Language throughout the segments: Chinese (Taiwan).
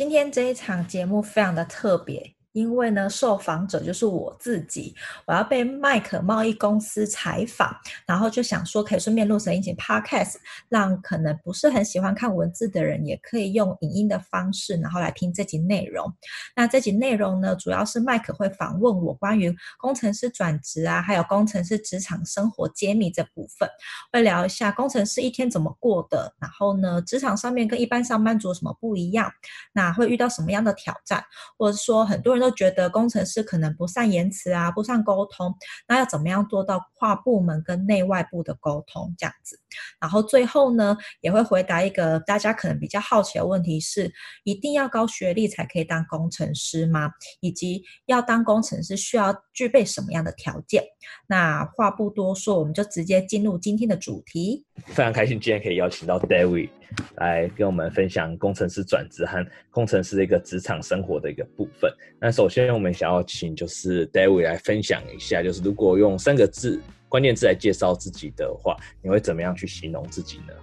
今天這一場節目非常的特別。因為呢，受訪者就是我自己，我要被麥可貿易公司採訪，然後就想說可以順便錄成一集 podcast，讓可能不是很喜歡看文字的人也可以用影音的方式，然後來聽這集內容。那這集內容呢，主要是麥可會訪問我關於工程師轉職啊，還有工程師職場生活揭秘這部分，會聊一下工程師一天怎麼過的，然後呢，職場上面跟一般上班族有什麼不一樣，那會遇到什麼樣的挑戰，或者說很多人。都覺得工程師可能不善言辭啊，不善溝通，那要怎麼樣做到跨部門跟內外部的溝通這樣子？然後最後呢，也會回答一個大家可能比較好奇的問題是：是一定要高學歷才可以當工程師嗎？以及要當工程師需要具備什麼樣的條件？那話不多說，我們就直接進入今天的主題。非常開心，今天可以邀請到 David 來跟我們分享工程師轉職和工程師的一個職場生活的一個部分。那首先，我們想要請就是 David 來分享一下，就是如果用三個字，關鍵字來介紹自己的話，你會怎麼樣去形容自己呢？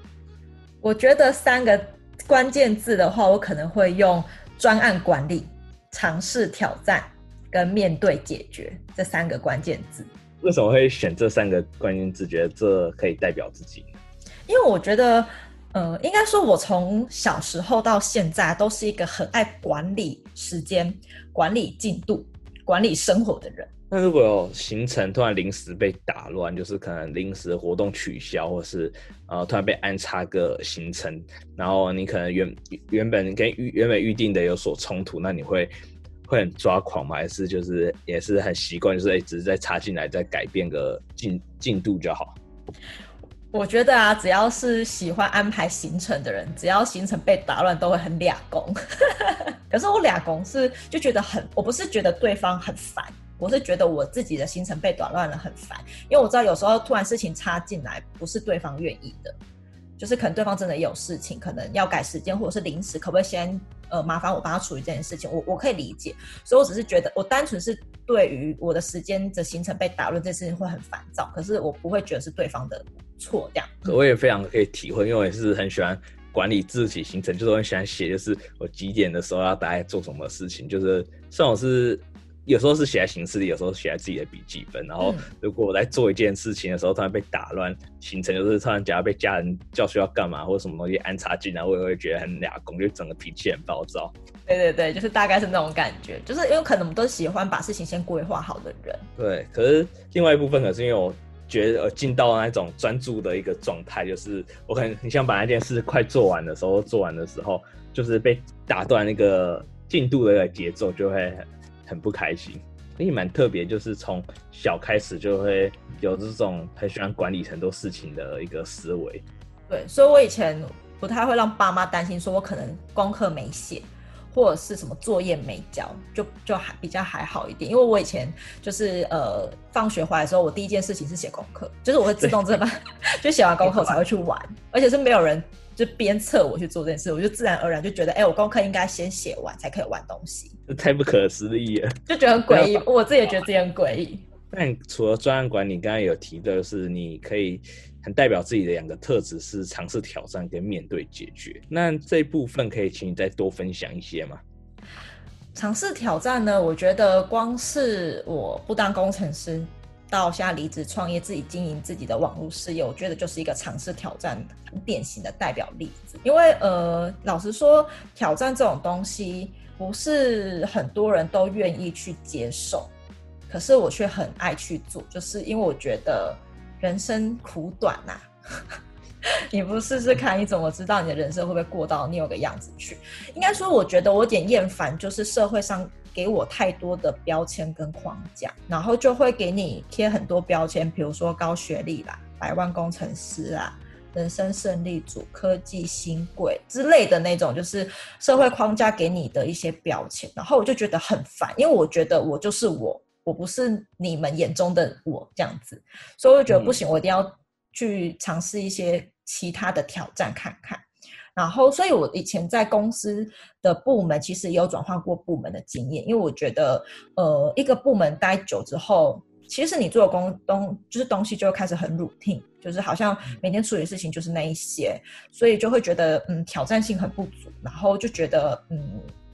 我覺得三個關鍵字的話，我可能會用專案管理、嘗試挑戰跟面對解決這三個關鍵字。為什麼會選這三個關鍵字？覺得這可以代表自己？因為我覺得，嗯、呃，應該說，我從小時候到現在都是一個很愛管理時間、管理進度、管理生活的人。那如果有行程突然臨時被打亂，就是可能臨時活動取消，或是呃突然被安插個行程，然後你可能原原本跟預原本預定的有所衝突，那你會會很抓狂嗎？還是就是也是很習慣，就是一直、欸、在插進來，再改變個進進度就好？我覺得啊，只要是喜歡安排行程的人，只要行程被打亂，都會很倆功。 可是我倆公是就覺得很，我不是覺得對方很煩，我是覺得我自己的行程被打亂了很煩。因為我知道有時候突然事情插進來，不是對方願意的，就是可能對方真的有事情，可能要改時間或者是臨時，可不可以先呃麻煩我幫他處理這件事情？我我可以理解，所以我只是覺得我單純是對於我的時間的行程被打亂，這件事情會很煩躁。可是我不會覺得是對方的。錯掉。可、嗯、我也非常可以體會，因為我也是很喜歡管理自己行程，就是我很喜歡寫，就是我幾點的時候要大概做什麼事情。就是算我是有時候是寫在行事曆，有時候寫在自己的筆記本。然後如果我在做一件事情的時候，突然被打亂行程，就是突然假如被家人叫說要幹嘛，或者什麼東西安插進來，我也會覺得很啞公，就整個脾氣很暴躁。對對對，就是大概是那種感覺，就是因為可能我們都喜歡把事情先規劃好的人。對，可是另外一部分可是因為我、嗯。覺得進到那種專注的一個狀態，就是我可能很很想把那件事快做完的時候，做完的時候就是被打斷那個進度的一個節奏，就會很不開心。所以蠻特別，就是從小開始就會有這種很喜歡管理很多事情的一個思維。對，所以我以前不太會讓爸媽擔心，說我可能功課沒寫。或者是什麼作業沒交，就就還比較還好一點。因為我以前就是呃，放學回來的時候，我第一件事情是寫功課，就是我會自動這麼 就寫完功課才會去玩，而且是沒有人就鞭策我去做這件事，我就自然而然就覺得，哎、欸，我功課應該先寫完才可以玩東西。太不可思議了，就覺得很詭異，我自己也覺得自己很詭異。但除了專案管理，剛剛有提到的是，你可以。很代表自己的兩個特質是嘗試挑戰跟面對解決。那這部分可以請你再多分享一些嗎？嘗試挑戰呢？我覺得光是我不當工程師到現在離職創業，自己經營自己的網絡事業，我覺得就是一個嘗試挑戰很典型的代表例子。因為呃，老實說，挑戰這種東西不是很多人都願意去接受，可是我卻很愛去做，就是因為我覺得。人生苦短吶、啊， 你不試試看，你怎麼知道你的人生會不會過到那個樣子去？應該說，我覺得我有點厭煩，就是社會上給我太多的標籤跟框架，然後就會給你貼很多標籤，比如說高學歷啦、百萬工程師啊、人生勝利組、科技新貴之類的那種，就是社會框架給你的一些標籤，然後我就覺得很煩，因為我覺得我就是我。我不是你們眼中的我這樣子，所以我覺得不行，我一定要去嘗試一些其他的挑戰看看。然後，所以我以前在公司的部門，其實也有轉換過部門的經驗，因為我覺得，呃，一個部門待久之後，其實你做工、就是、東就是東西就開始很 routine，就是好像每天處理事情就是那一些，所以就會覺得嗯，挑戰性很不足，然後就覺得嗯，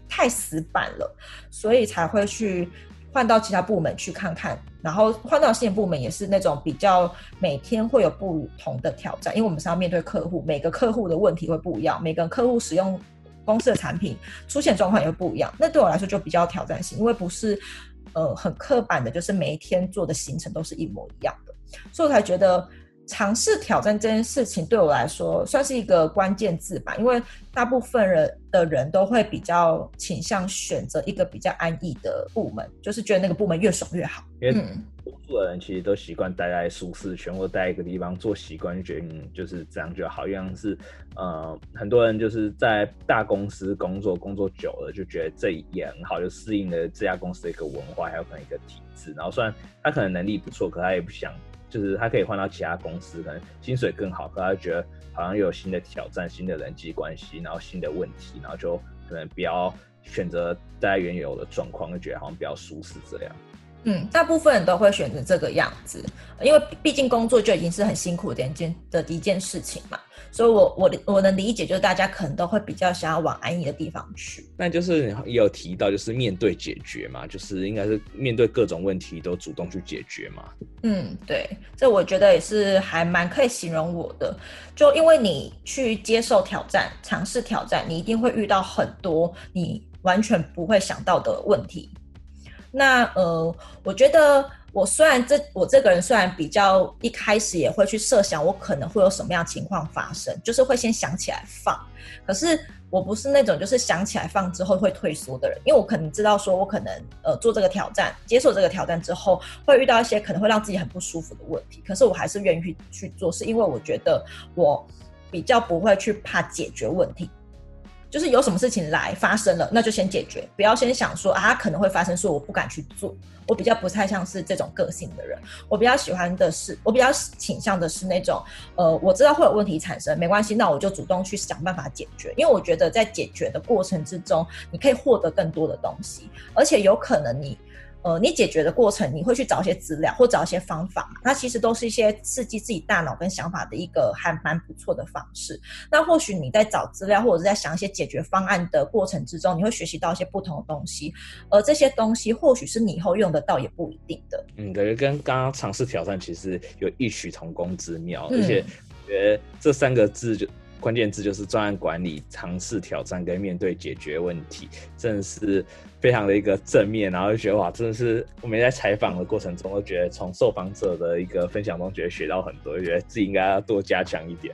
太死板了，所以才會去。換到其他部門去看看，然後換到新的部門也是那種比較每天會有不同的挑戰，因為我們是要面對客戶，每個客戶的問題會不一樣，每個客戶使用公司的產品出現狀況也會不一樣。那對我來說就比較挑戰性，因為不是呃很刻板的，就是每一天做的行程都是一模一樣的，所以我才覺得。嘗試挑戰這件事情對我來說算是一個關鍵字吧，因為大部分人的人都會比較傾向選擇一個比較安逸的部門，就是覺得那個部門越爽越好。因為多數的人其實都習慣待在舒適圈，嗯，全部待一個地方做習慣，就覺得嗯，就是這樣就好。像是呃，很多人就是在大公司工作，工作久了就覺得這也很好，就適應了這家公司的一個文化，還有可能一個體制。然後雖然他可能能力不錯，可他也不想。就是他可以換到其他公司，可能薪水更好，可他覺得好像又有新的挑戰、新的人際關係，然後新的問題，然後就可能比較選擇待原有的狀況，就覺得好像比較舒適這樣。嗯，大部分人都會選擇這個樣子，因為畢竟工作就已經是很辛苦的一件的一件事情嘛，所以我我我能理解，就是大家可能都會比較想要往安逸的地方去。那就是你也有提到，就是面對解決嘛，就是應該是面對各種問題都主動去解決嘛。嗯，對，這我覺得也是還蠻可以形容我的，就因為你去接受挑戰、嘗試挑戰，你一定會遇到很多你完全不會想到的問題。那呃，我覺得我雖然這我這個人雖然比較一開始也會去設想我可能會有什麼樣的情況發生，就是會先想起來放。可是我不是那種就是想起來放之後會退縮的人，因為我可能知道說我可能呃，做這個挑戰，接受這個挑戰之後會遇到一些可能會讓自己很不舒服的問題，可是我還是願意去去做，是因為我覺得我比較不會去怕解決問題。就是有什麼事情來發生了，那就先解決，不要先想說啊，可能會發生，是我不敢去做。我比較不太像是這種個性的人，我比較喜歡的是，我比較傾向的是那種，呃，我知道會有問題產生，沒關係，那我就主動去想辦法解決，因為我覺得在解決的過程之中，你可以獲得更多的東西，而且有可能你。呃，你解決的過程，你會去找一些資料或找一些方法，那其實都是一些刺激自己大腦跟想法的一個還蠻不錯的方式。那或許你在找資料或者是在想一些解決方案的過程之中，你會學習到一些不同的東西，而這些東西或許是你以後用得到也不一定的。嗯，感覺跟剛剛嘗試挑戰其實有異曲同工之妙，嗯，而且我覺得這三個字就。關鍵字就是專案管理、嘗試挑戰跟面對解決問題，真的是非常的一個正面。然後就覺得哇，真的是我們在採訪的過程中，都覺得從受訪者的一個分享中，覺得學到很多，我覺得自己應該要多加強一點。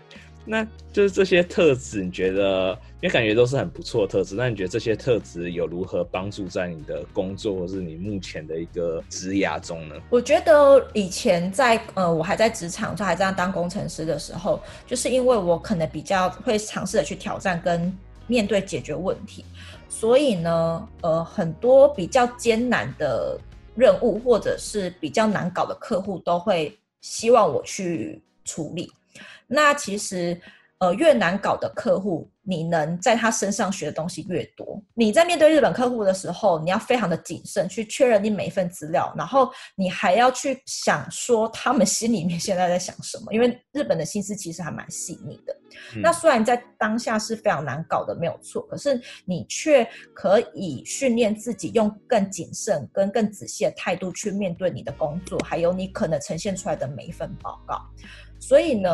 那就是這些特質，你覺得，因為感覺都是很不錯的特質。那你覺得這些特質有如何幫助在你的工作，或是你目前的一個職涯中呢？我覺得以前在呃，我還在職場，就還在當工程師的時候，就是因為我可能比較會嘗試的去挑戰跟面對解決問題，所以呢，呃，很多比較艱難的任務，或者是比較難搞的客戶，都會希望我去處理。那其實，呃，越難搞的客戶，你能在他身上學的東西越多。你在面對日本客戶的時候，你要非常的謹慎去確認你每一份資料，然後你還要去想說他們心裡面現在在想什麼，因為日本的心思其實還蠻細膩的。嗯。那雖然在當下是非常難搞的，沒有錯，可是你卻可以訓練自己用更謹慎跟更仔細的態度去面對你的工作，還有你可能呈現出來的每一份報告。所以呢，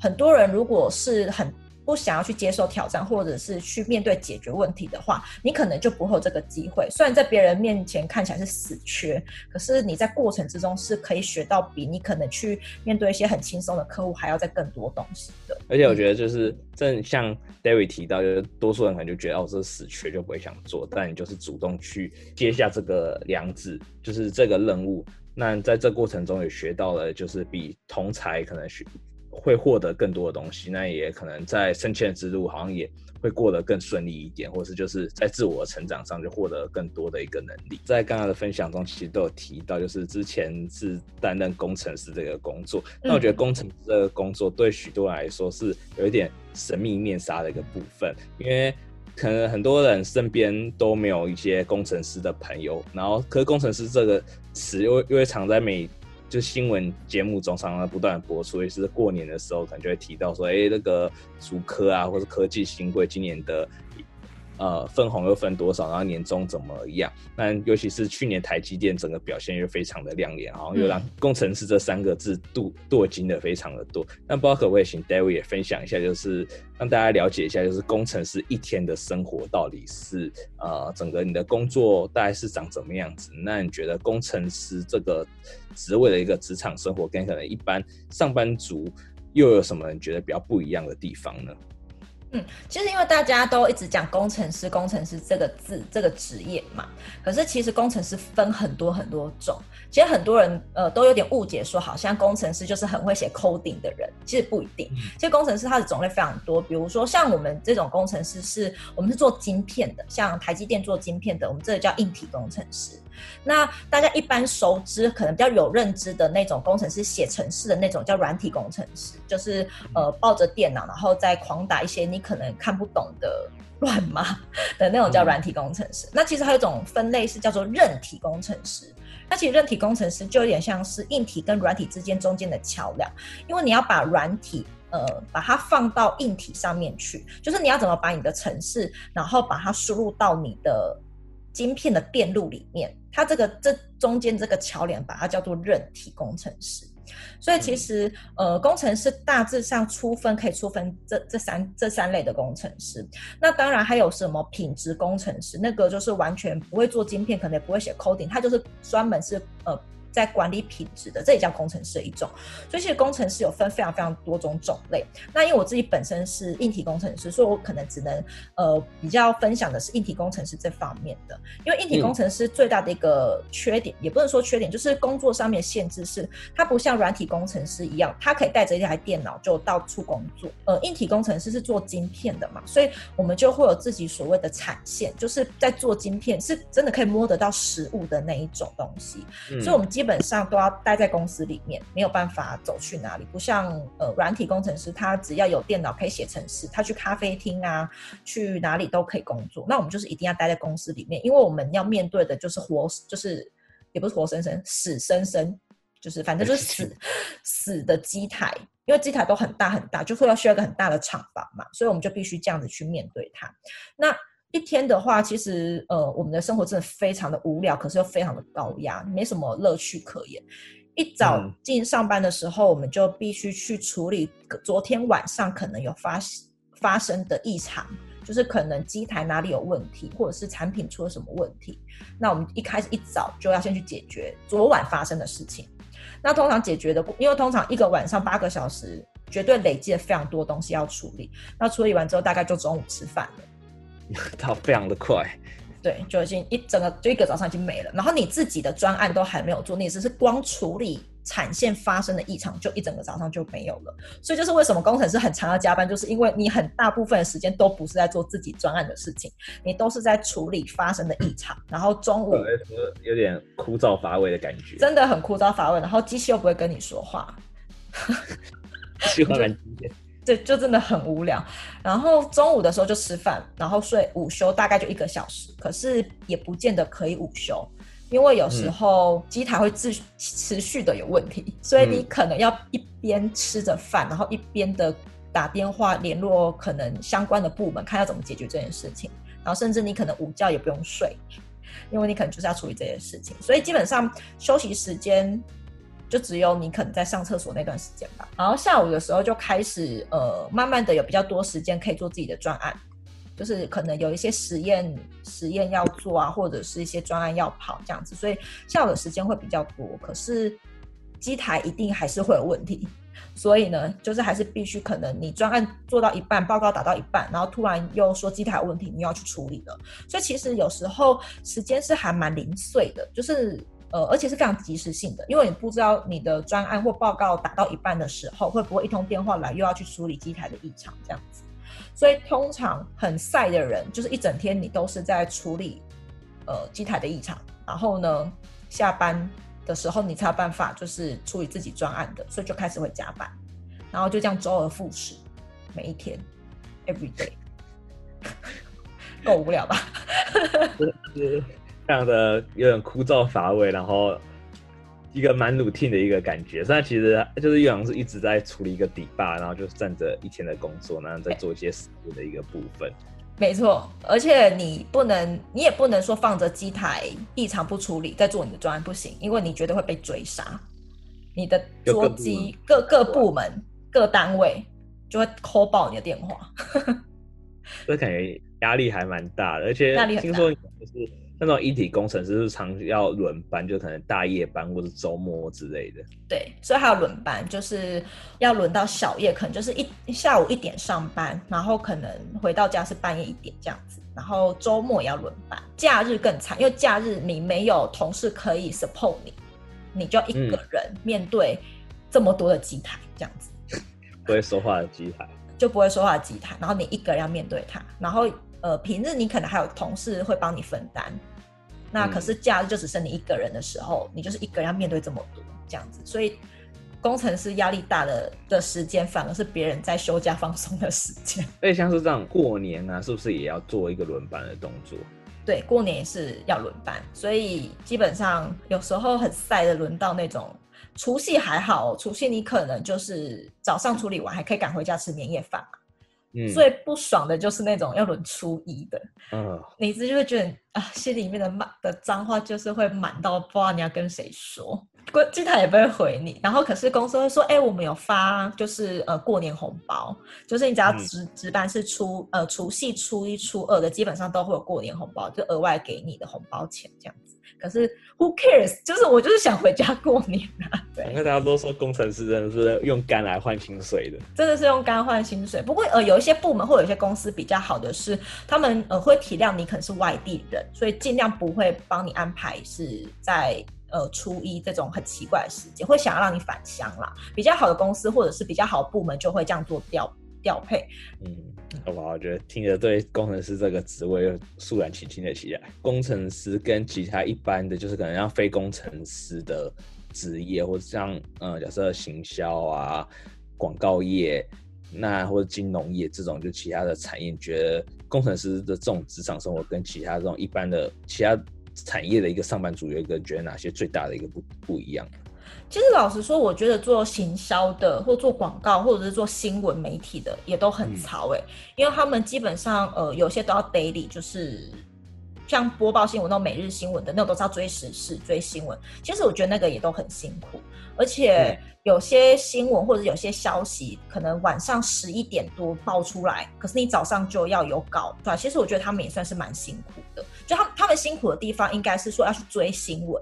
很多人如果是很不想要去接受挑戰，或者是去面對解決問題的話，你可能就不會有這個機會。雖然在別人面前看起來是死缺，可是你在過程之中是可以學到比你可能去面對一些很輕鬆的客戶還要再更多東西的。而且我覺得就是正像 David 提到，就是、多數人可能就覺得哦，這是死缺就不會想做，但你就是主動去接下這個樑子，就是這個任務。那在這過程中也學到了，就是比同儕可能學。會獲得更多的東西，那也可能在升遷之路好像也會過得更順利一點，或是就是在自我的成長上就獲得更多的一個能力。在剛剛的分享中，其實都有提到，就是之前是擔任工程師這個工作。那我覺得工程師這個工作對許多人來說是有一點神秘面紗的一個部分，因為可能很多人身邊都沒有一些工程師的朋友，然後，可是工程師這個詞又又會藏在每。就新聞節目總常常不斷播出，所以是過年的時候可能就會提到說，哎、欸，那、這個竹科啊，或是科技新貴，今年的。呃，分紅又分多少？然後年終怎麼樣？那尤其是去年台積電整個表現又非常的亮眼，嗯、然後又讓工程師這三個字鍍鍍金的非常的多。那包括我也請 David 也分享一下，就是讓大家了解一下，就是工程師一天的生活到底是呃，整個你的工作大概是長怎麼樣子？那你覺得工程師這個職位的一個職場生活跟可能一般上班族又有什麼你覺得比較不一樣的地方呢？嗯，其實因為大家都一直講工程師，工程師這個字這個職業嘛，可是其實工程師分很多很多種。其實很多人呃都有點誤解，說好像工程師就是很會寫 coding 的人，其實不一定。其實工程師他的種類非常多，比如說像我們這種工程師是我們是做晶片的，像台積電做晶片的，我們這個叫硬體工程師。那大家一般熟知、可能比較有認知的那種工程師，寫程式的那種叫軟體工程師，就是呃抱着電腦，然後再狂打一些。可能看不懂的亂碼的那種叫軟體工程師。嗯。那其實還有一種分類是叫做韌體工程師。那其實韌體工程師就有點像是硬體跟軟體之間中間的橋梁，因為你要把軟體呃把它放到硬體上面去，就是你要怎麼把你的程式然後把它輸入到你的晶片的電路裡面。它這個這中間這個橋梁，把它叫做韌體工程師。所以其實，呃，工程師大致上粗分可以粗分這這三這三類的工程師。那當然還有什麼品質工程師，那個就是完全不會做晶片，可能也不會寫 coding，他就是專門是呃。在管理品質的，這也叫工程師的一種。所以其實工程師有分非常非常多種種類。那因為我自己本身是硬體工程師，所以我可能只能呃比較分享的是硬體工程師這方面的。因為硬體工程師最大的一個缺點，嗯、也不能說缺點，就是工作上面限制是它不像軟體工程師一樣，它可以帶着一台電腦就到處工作。呃，硬體工程師是做晶片的嘛，所以我們就會有自己所謂的產線，就是在做晶片，是真的可以摸得到實物的那一種東西。嗯、所以我們今基本上都要待在公司裡面，沒有辦法走去哪裡。不像呃，軟體工程師，他只要有電腦可以寫程式，他去咖啡廳啊，去哪裡都可以工作。那我們就是一定要待在公司裡面，因為我們要面對的就是活，就是也不是活生生，死生生，就是反正就是死是死的機台，因為機台都很大很大，就會要需要一個很大的廠房嘛，所以我們就必須這樣子去面對它。那。一天的話，其實呃，我們的生活真的非常的無聊，可是又非常的高壓，沒什麼樂趣可言。一早進上班的時候，我們就必須去處理昨天晚上可能有發發生的異常，就是可能機台哪裡有問題，或者是產品出了什麼問題。那我們一開始一早就要先去解決昨晚發生的事情。那通常解決的，因為通常一個晚上八個小時，絕對累積了非常多東西要處理。那處理完之後，大概就中午吃飯了。它非常的快，對，就已經一整個就一個早上已經沒了。然後你自己的專案都還沒有做，你只是光處理產線發生的異常，就一整個早上就沒有了。所以就是為什麼工程師很常要加班，就是因為你很大部分的時間都不是在做自己專案的事情，你都是在處理發生的異常。嗯、然後中午有點枯燥乏味的感覺，真的很枯燥乏味。然後機器又不會跟你說話， 對，就真的很無聊。然後中午的時候就吃飯，然後睡午休，大概就一個小時。可是也不見得可以午休，因為有時候機台會自持續的有問題，嗯，所以你可能要一邊吃着飯，嗯，然後一邊的打電話聯絡可能相關的部門，看要怎麼解決這件事情。然後甚至你可能午覺也不用睡，因為你可能就是要處理這件事情。所以基本上休息時間。就只有你可能在上廁所那段時間吧。然後下午的時候就開始，呃，慢慢的有比較多時間可以做自己的專案，就是可能有一些實驗實驗要做啊，或者是一些專案要跑這樣子。所以下午的時間會比較多，可是機台一定還是會有問題。所以呢，就是還是必須可能你專案做到一半，報告打到一半，然後突然又說機台有問題，你要去處理的。所以其實有時候時間是還蠻零碎的，就是。呃、而且是非常及時性的，因為你不知道你的專案或報告打到一半的時候，會不會一通電話來，又要去處理機台的異常這樣子。所以通常很衰的人，就是一整天你都是在處理、呃、機台的異常，然後呢，下班的時候你才有辦法就是處理自己專案的，所以就開始會加班，然後就這樣周而復始，每一天，every day，夠無聊吧？ 非常的有點枯燥乏味，然後一個蠻 routine 的一個感覺。所以其實就是又好像是一直在處理一個底壩，然後就站着一天的工作，然後在做一些輔助的一個部分。欸、沒錯，而且你不能，你也不能說放着機台異常不處理，在做你的專案不行，因為你絕對會被追殺。你的桌機各個部、部門、各單位、各各單位就會 call 爆你的電話。這 感覺壓力還蠻大的，而且聽說的是。那種一體工程師是常要輪班，就可能大夜班或者周末之類的。對，所以還要輪班，就是要輪到小夜，可能就是一下午一點上班，然後可能回到家是半夜一點這樣子。然後周末也要輪班，假日更慘，因為假日你沒有同事可以 support 你，你就一個人面對這麼多的機台這樣子，嗯。不會說話的機台，就不會說話的機台，然後你一個人要面對它。然後呃，平日你可能還有同事會幫你分擔。那可是假日就只剩你一個人的時候，嗯，你就是一個人要面對這麼多這樣子，所以工程師壓力大的的時間，反而是別人在休假放鬆的時間。所以像是這樣過年啊，是不是也要做一個輪班的動作？對，過年也是要輪班，所以基本上有時候很衰的輪到那種，除夕還好，除夕你可能就是早上處理完還可以趕回家吃年夜飯嘛。最、嗯、不爽的就是那種要輪初一的，嗯、你就會覺得啊，心裡面的滿的髒話就是會滿到不知道你要跟誰說，經常也不會回你。然後可是公司會說，哎、欸，我們有發就是呃過年紅包，就是你只要值、嗯、值班是初呃除夕初，初一初二的，基本上都會有過年紅包，就額外給你的紅包錢這樣子。可是，Who cares？就是我就是想回家過年啊。對，因為大家都說工程師真的是用肝來換薪水的，真的是用肝換薪水。不過呃，有一些部門或有些公司比較好的是，他們呃會體諒你可能是外地人，所以盡量不會幫你安排是在呃初一這種很奇怪的時間，會想要讓你返鄉啦。比較好的公司或者是比較好的部門就會這樣做掉。調配，嗯，好吧，我覺得聽着對工程師這個職位又肅然起敬了起來。工程師跟其他一般的，就是可能像非工程師的職業，或者像呃，假設行銷啊、廣告業，那或者金融業這種，就其他的產業，你覺得工程師的這種職場生活跟其他這種一般的其他產業的一個上班族，有一個覺得哪些最大的一個不不一樣？其實老實說，我覺得做行銷的或做廣告，或者是做新聞媒體的也都很潮哎、欸，因為他們基本上呃有些都要 daily，就是像播報新聞那種每日新聞的那種，都是要追時事、追新聞。其實我覺得那個也都很辛苦，而且有些新聞或者有些消息可能晚上十一點多爆出來，可是你早上就要有稿。對，其實我覺得他們也算是蠻辛苦的，就他們他們辛苦的地方應該是說要去追新聞。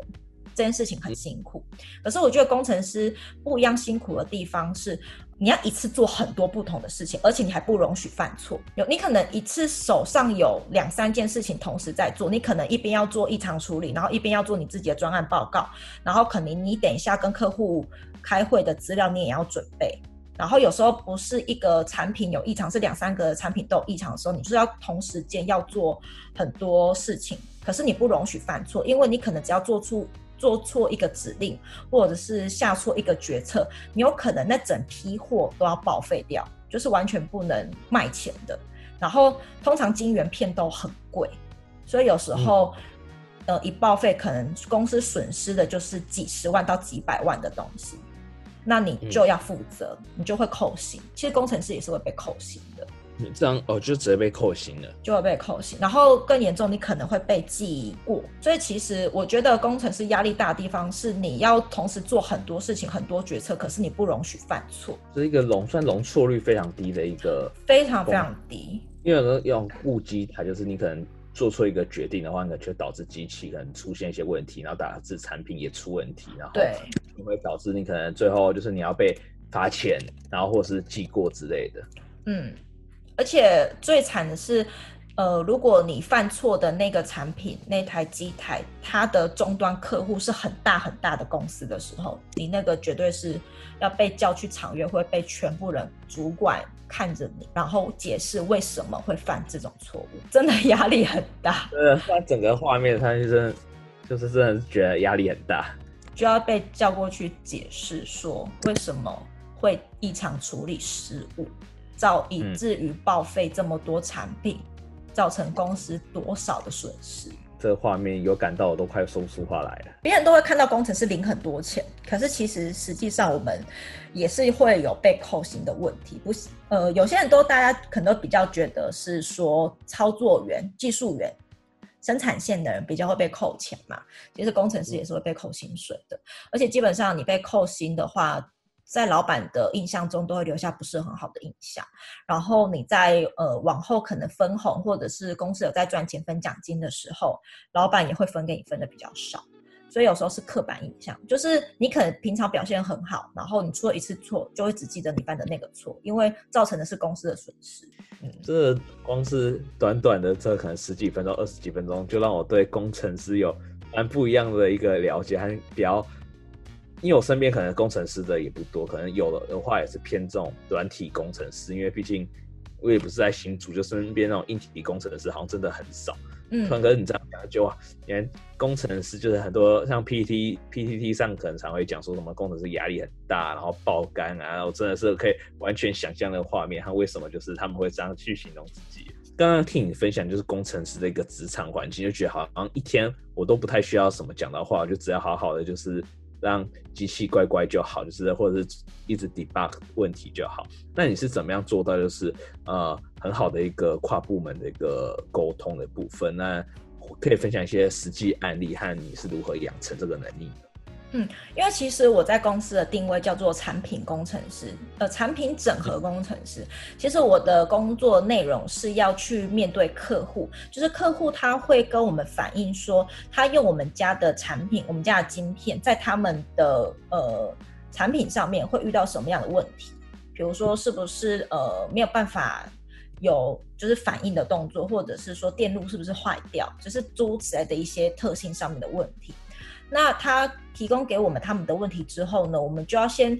這件事情很辛苦，可是我覺得工程師不一樣辛苦的地方是，你要一次做很多不同的事情，而且你還不容許犯錯。有你可能一次手上有兩三件事情同時在做，你可能一邊要做異常處理，然後一邊要做你自己的專案報告，然後可能你等一下跟客戶開會的資料你也要準備。然後有時候不是一個產品有異常，是兩三個產品都有異常的時候，你就是要同時間要做很多事情。可是你不容許犯錯，因為你可能只要做出。做錯一個指令，或者是下錯一個決策，你有可能那整批貨都要報廢掉，就是完全不能賣錢的。然後通常晶圓片都很貴，所以有時候，嗯、呃，一報廢可能公司損失的就是幾十萬到幾百萬的東西，那你就要負責、嗯，你就會扣薪。其實工程師也是會被扣薪。這樣哦，就直接被扣薪了，就會被扣薪，然後更嚴重，你可能會被記過。所以其實我覺得工程師壓力大的地方是你要同時做很多事情，很多決策，可是你不容許犯錯。這是一個容算容錯率非常低的一個，非常非常低。因為有時候用誤機它就是你可能做出一個決定的話，你可能導致機器可能出現一些問題，然後打字產品也出問題，然後對，就會導致你可能最後就是你要被罰錢，然後或是記過之類的。嗯。而且最慘的是，呃，如果你犯錯的那個產品、那台機台，它的終端客戶是很大很大的公司的時候，你那個絕對是要被叫去廠院，會被全部人主管看着你，然後解釋為什麼會犯這種錯誤，真的壓力很大。對，他整個畫面，他就是就是真的是覺得壓力很大，就要被叫過去解釋說為什麼會異常處理失誤。造以至於報廢這麼多產品，嗯，造成公司多少的損失？這畫面有感到我都快說不出話來了。別人都會看到工程師領很多錢，可是其實實際上我們也是會有被扣薪的問題。不是，呃，有些人都大家可能都比較覺得是說操作員、技術員、生產線的人比較會被扣錢嘛。其實工程師也是會被扣薪水的，嗯、而且基本上你被扣薪的話，在老闆的印象中都會留下不是很好的印象，然後你在呃，往後可能分紅或者是公司有在賺錢分獎金的時候，老闆也會分給你分的比較少，所以有時候是刻板印象，就是你可能平常表現很好，然後你出了一次錯，就會只記得你犯的那個錯，因為造成的是公司的損失。嗯，這光是短短的這可能十幾分鐘、二十幾分鐘，就讓我對工程師有蠻不一樣的一個了解，還比較，因為我身邊可能工程師的也不多，可能有的的話也是偏這種軟體工程師，因為畢竟我也不是在行主，就身邊那種硬體工程師好像真的很少。嗯，可是你這樣講就啊，連工程師就是很多像 PT PTT 上可能常會講說什麼工程師壓力很大，然後爆肝啊，然後真的是可以完全想象那個畫面，他為什麼就是他們會這樣去形容自己。剛剛聽你分享就是工程師的一個職場環境，就覺得好像一天我都不太需要什麼講的話，我就只要好好的就是。讓機器乖乖就好，就是或者是一直 debug 問題就好。那你是怎麼樣做到就是呃很好的一個跨部門的一個溝通的部分？那可以分享一些實際案例和你是如何養成這個能力？嗯，因為其實我在公司的定位叫做產品工程師，呃，產品整合工程師。其實我的工作內容是要去面對客戶，就是客戶他會跟我們反映說，他用我們家的產品，我們家的晶片，在他們的呃產品上面會遇到什麼樣的問題？比如說是不是呃沒有辦法有就是反應的動作，或者是說電路是不是壞掉，就是諸如此類的一些特性上面的問題。那他提供給我們他們的問題之後呢，我們就要先，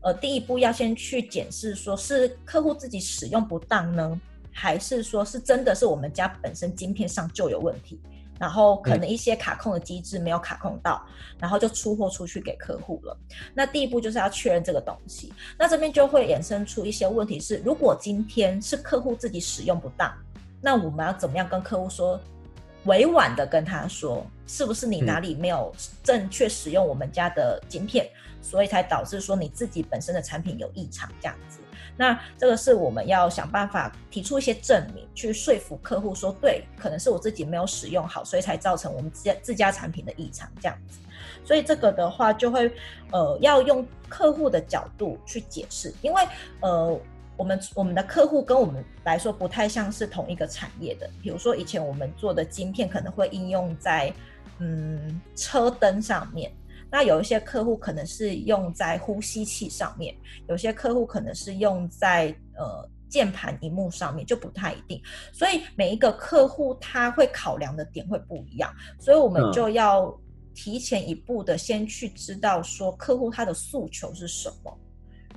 呃，第一步要先去檢視，說是客戶自己使用不當呢，還是說是真的是我們家本身晶片上就有問題，然後可能一些卡控的機制沒有卡控到，嗯、然後就出貨出去給客戶了。那第一步就是要確認這個東西。那這邊就會衍生出一些問題是，是如果今天是客戶自己使用不當，那我們要怎麼樣跟客戶說？委婉的跟他說，是不是你哪裡沒有正確使用我們家的晶片？嗯，所以才導致說你自己本身的產品有異常這樣子？那這個是我們要想辦法提出一些證明，去說服客戶說，對，可能是我自己沒有使用好，所以才造成我們自家自家產品的異常這樣子。所以這個的話，就會呃，要用客戶的角度去解釋，因為呃。我們我們的客戶跟我們來說，不太像是同一個產業的，比如說以前我們做的晶片可能會應用在嗯，車燈上面，那有一些客戶可能是用在呼吸器上面，有些客戶可能是用在呃，鍵盤螢幕上面，就不太一定。所以每一個客戶他會考量的點會不一樣，所以我們就要提前一步的先去知道說客戶他的訴求是什麼。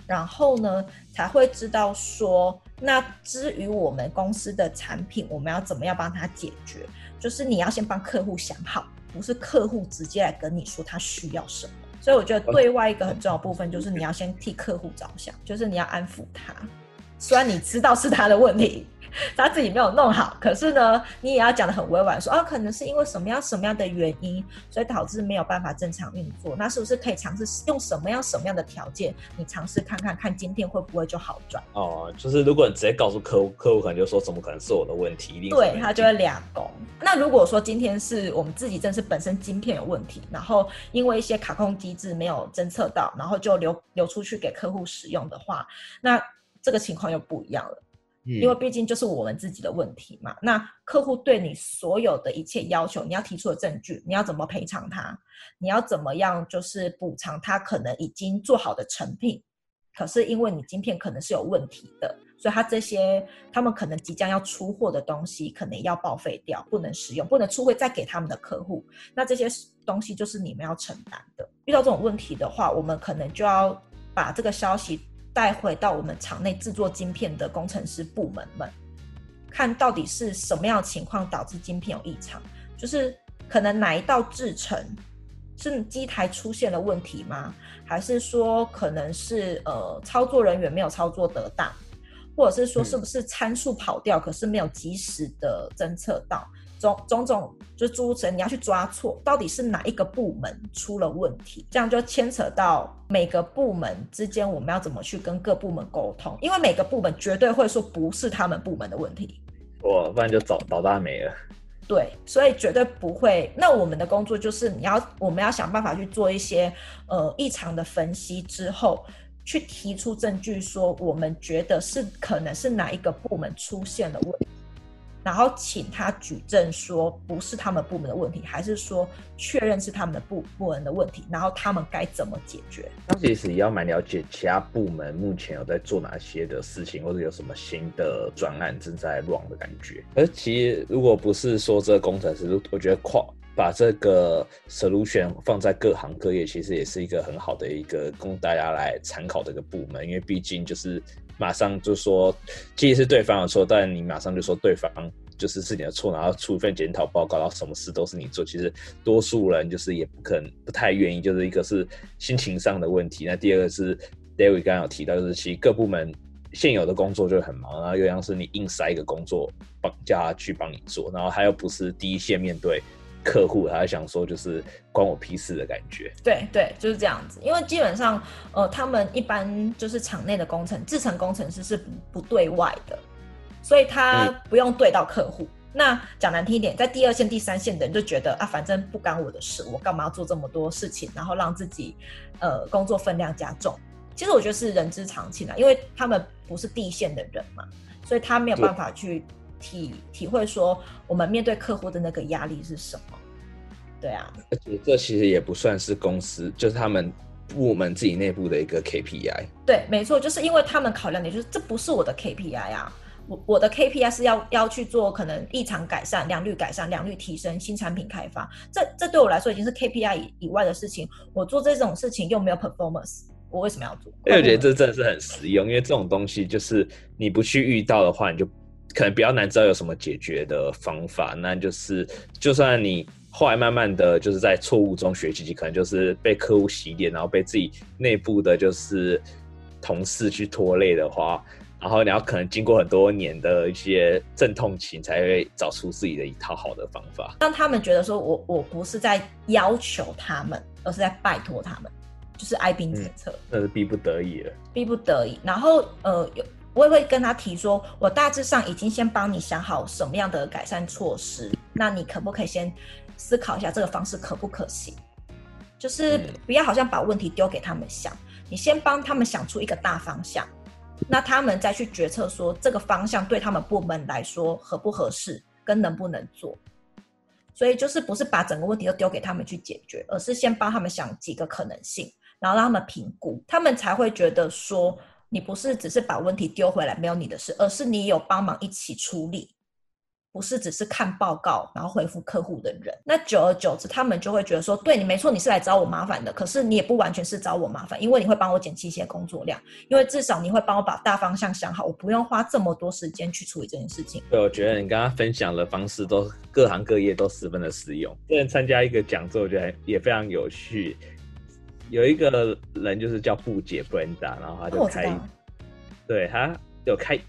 然後呢，才會知道說，那至於我們公司的產品，我們要怎麼樣幫他解決？就是你要先幫客戶想好，不是客戶直接來跟你說他需要什麼。所以我覺得對外一個很重要的部分，就是你要先替客戶着想，就是你要安撫他。雖然你知道是他的問題。他自己沒有弄好，可是呢，你也要講得很委婉，說啊，可能是因為什麼樣什麼樣的原因，所以導致沒有辦法正常運作。那是不是可以嘗試用什麼樣什麼樣的條件，你嘗試看看，看今天會不會就好轉？哦，就是如果你直接告訴客戶，客戶可能就說，怎麼可能是我的問題？問題，對，他就會兩光。那如果說今天是我們自己真是本身晶片有問題，然後因為一些卡控機制沒有偵測到，然後就流流出去給客戶使用的話，那這個情況又不一樣了。因為畢竟就是我們自己的問題嘛，那客戶對你所有的一切要求，你要提出的證據，你要怎麼賠償他？你要怎麼樣就是補償他？可能已經做好的成品，可是因為你晶片可能是有問題的，所以他這些他們可能即將要出貨的東西，可能要報廢掉，不能使用，不能出貨再給他們的客戶。那這些東西就是你們要承擔的。遇到這種問題的話，我們可能就要把這個消息帶回到我們廠內製作晶片的工程師部門們，看到底是什麼樣的情況導致晶片有異常？就是可能哪一道製程是機台出現了問題嗎？還是說可能是呃操作人員沒有操作得當，或者是說是不是參數跑掉，可是，沒有及時的偵測到？種，種種就組、是、成，你要去抓錯，到底是哪一個部門出了問題？這樣就牽扯到每個部門之間，我們要怎麼去跟各部門溝通？因為每個部門絕對會說不是他們部門的問題，我不然就找倒大黴了。對，所以絕對不會。那我們的工作就是，你要我們要想辦法去做一些呃異常的分析之後，去提出證據，說我們覺得是可能是哪一個部門出現了問題。然後請他舉證說不是他們部門的問題，還是說確認是他們的部部門的問題？然後他們該怎麼解決？那其實也要蠻了解其他部門目前有在做哪些的事情，或者有什麼新的專案正在 run 的感覺。而其實如果不是說這個工程師，我覺得跨把這個 solution 放在各行各業，其實也是一個很好的一個供大家來參考的一個部門，因為畢竟就是。馬上就說，即使對方有錯，但你馬上就說對方就是自己的錯，然後出一份檢討報告，然後什麼事都是你做。其實多數人就是也不可能，不太願意。就是一個是心情上的問題，那第二個是 David 剛剛有提到，就是其實各部門現有的工作就很忙，然後又像是你硬塞一個工作，綁架去幫你做，然後他又不是第一線面對。客戶，他還想說就是關我屁事的感覺。對對，就是這樣子。因為基本上，呃，他們一般就是廠內的工程、製程工程師是不不對外的，所以他不用對到客戶。嗯、那講難聽一點，在第二線、第三線的人就覺得啊，反正不干我的事，我幹嘛要做這麼多事情，然後讓自己呃工作分量加重？其實我覺得是人之常情啊，因為他們不是第一線的人嘛，所以他沒有辦法去。體體會說，我們面對客戶的那個壓力是什麼？對啊，而且這其實也不算是公司，就是他們部門自己內部的一個 KPI。對，沒錯，就是因為他們考量的就是這不是我的 KPI 啊，我我的 KPI 是要要去做可能異常改善、良率改善、良率提升、新產品開發，這這對我來說已經是 KPI 以以外的事情。我做這種事情又沒有 performance，我為什麼要做？因為我覺得這真的是很實用，因為這種東西就是你不去遇到的話，你就。可能比較難知道有什麼解決的方法。那就是，就算你後來慢慢的就是在錯誤中學習，其實可能就是被客戶洗臉，然後被自己內部的就是同事去拖累的話，然後你要可能經過很多年的一些陣痛期，才會找出自己的一套好的方法。讓他們覺得說，我我不是在要求他們，而是在拜託他們，就是哀兵政策、嗯。那是逼不得已了。逼不得已。然後呃有。我也會跟他提說，我大致上已經先幫你想好什麼樣的改善措施，那你可不可以先思考一下這個方式可不可行？就是不要好像把問題丟給他們想，你先幫他們想出一個大方向，那他們再去決策說這個方向對他們部門來說合不合適，跟能不能做。所以就是不是把整個問題都丟給他們去解決，而是先幫他們想幾個可能性，然後讓他們評估，他們才會覺得說。你不是只是把問題丟回來沒有你的事，而是你有幫忙一起處理。不是只是看報告然後回覆客戶的人。那久而久之，他們就會覺得說，對你沒錯，你是來找我麻煩的。可是你也不完全是找我麻煩，因為你會幫我減輕一些工作量，因為至少你會幫我把大方向想好，我不用花這麼多時間去處理這件事情。對，我覺得你剛剛分享的方式都各行各業都十分的實用。今天參加一個講座，我覺得也非常有趣。有一個人就是叫布姐 （Brenda），然後他就開，哦、對，他就開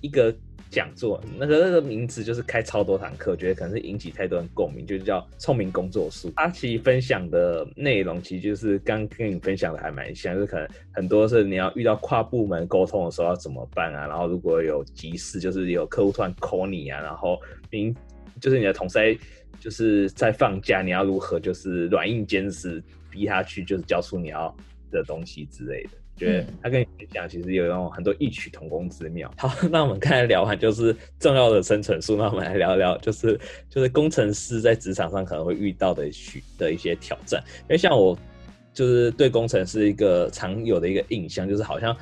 一個講座。那個那個名字就是開超多堂課，覺得可能是引起太多人共鳴，就是叫《聰明工作室》。他其實分享的內容其實就是剛跟你分享的還蠻像，就是可能很多是你要遇到跨部門溝通的時候要怎麼辦啊？然後如果有急事，就是有客戶突然 call 你啊，然後明就是你的同事就是在放假，你要如何就是軟硬兼施？逼他去就是交出你要的東西之類的，覺、嗯、得、就是、他跟你講，其實有那種很多異曲同工之妙。好，那我們剛才聊完就是重要的生存術，那我們來聊聊就是就是工程師在職場上可能會遇到的許的一些挑戰。因為像我就是對工程師一個常有的一個印象就是好像。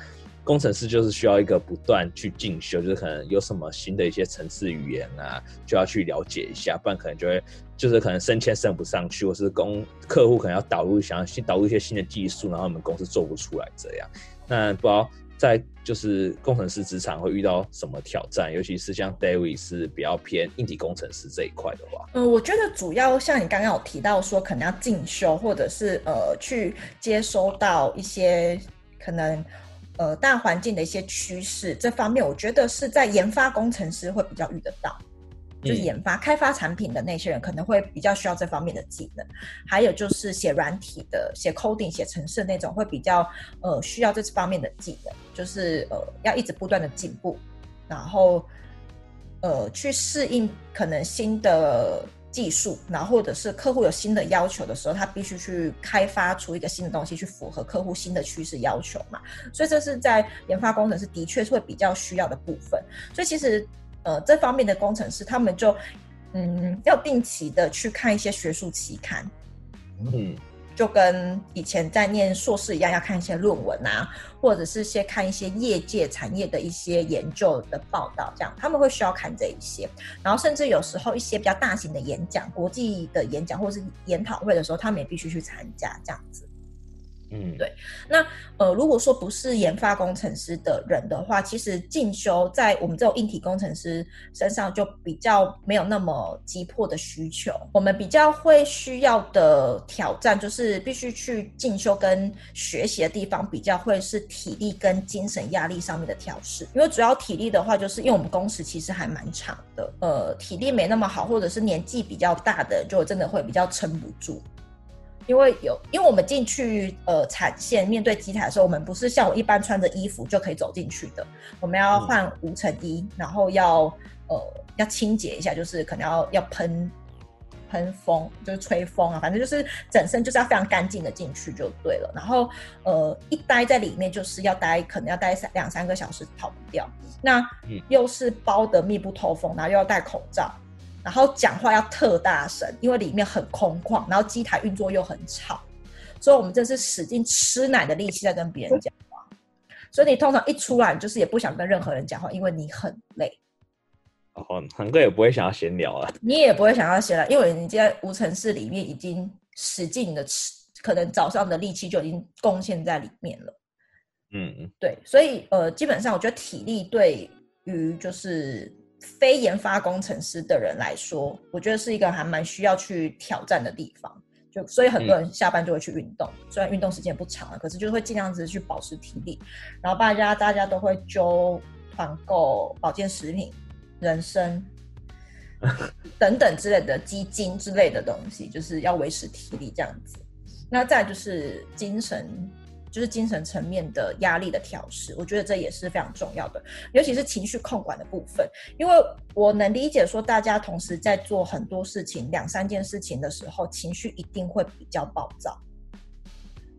工程師就是需要一個不斷去進修，就是可能有什麼新的一些程式語言啊，就要去了解一下，不然可能就會就是可能升遷升不上去，或是公客戶可能要導入想要新導入一些新的技術，然後我們公司做不出來這樣。那不知道在就是工程師職場會遇到什麼挑戰，尤其是像 David 是比較偏硬體工程師這一塊的話，嗯，我覺得主要像你剛剛有提到說可能要進修，或者是呃去接收到一些可能。呃，大環境的一些趨勢這方面，我覺得是在研發工程師會比較遇得到，嗯、就是研發開發產品的那些人可能會比較需要這方面的技能。還有就是寫軟體的、寫 coding、寫程式那種，會比較呃需要這方面的技能，就是、呃、要一直不斷的進步，然後呃去適應可能新的。技術，然後或者是客戶有新的要求的時候，他必須去開發出一個新的東西，去符合客戶新的趨勢要求嘛。所以這是在研發工程師的確是會比較需要的部分。所以其實，呃，這方面的工程師他們就，嗯，要定期的去看一些學術期刊。嗯。就跟以前在念碩士一樣，要看一些論文啊，或者是先看一些業界產業的一些研究的報道，這樣他們會需要看這一些。然後甚至有時候一些比較大型的演講、國際的演講或是研討會的時候，他們也必須去參加，這樣子。嗯，對。那呃，如果說不是研發工程師的人的話，其實進修在我們這種硬體工程師身上就比較沒有那麼急迫的需求。我們比較會需要的挑戰，就是必須去進修跟學習的地方，比較會是體力跟精神壓力上面的調適。因為主要體力的話，就是因為我們工時其實還蠻長的，呃，體力沒那麼好，或者是年紀比較大的，就真的會比較撐不住。因為有，因為我們進去呃產線面對機台的時候，我們不是像我一般穿着衣服就可以走進去的，我們要換無塵衣，然後要呃要清潔一下，就是可能要要噴噴風，就是吹風啊，反正就是整身就是要非常乾淨的進去就對了。然後呃一待在裡面就是要待，可能要待三兩三個小時，跑不掉。那又是包得密不透風，然後又要戴口罩。然後講話要特大聲，因為裡面很空曠，然後機台運作又很吵，所以我們這是使勁吃奶的力氣在跟別人講話。所以你通常一出來就是也不想跟任何人講話，因為你很累。哦，恆哥也不會想要閒聊了、啊，你也不會想要閒聊，因為你在無塵室裡面已經使勁的吃，可能早上的力氣就已經貢獻在裡面了。嗯嗯，對，所以呃，基本上我覺得體力對於就是。非研發工程師的人來說，我覺得是一個還蠻需要去挑戰的地方。就所以很多人下班就會去運動，嗯、雖然運動時間也不長了，可是就會盡量去保持體力。然後大家大家都會揪團購保健食品、人參等等之類的基金之類的東西，就是要維持體力這樣子。那再就是精神。就是精神層面的壓力的調試，我覺得這也是非常重要的，尤其是情緒控管的部分。因為我能理解說，大家同時在做很多事情，兩三件事情的時候，情緒一定會比較暴躁，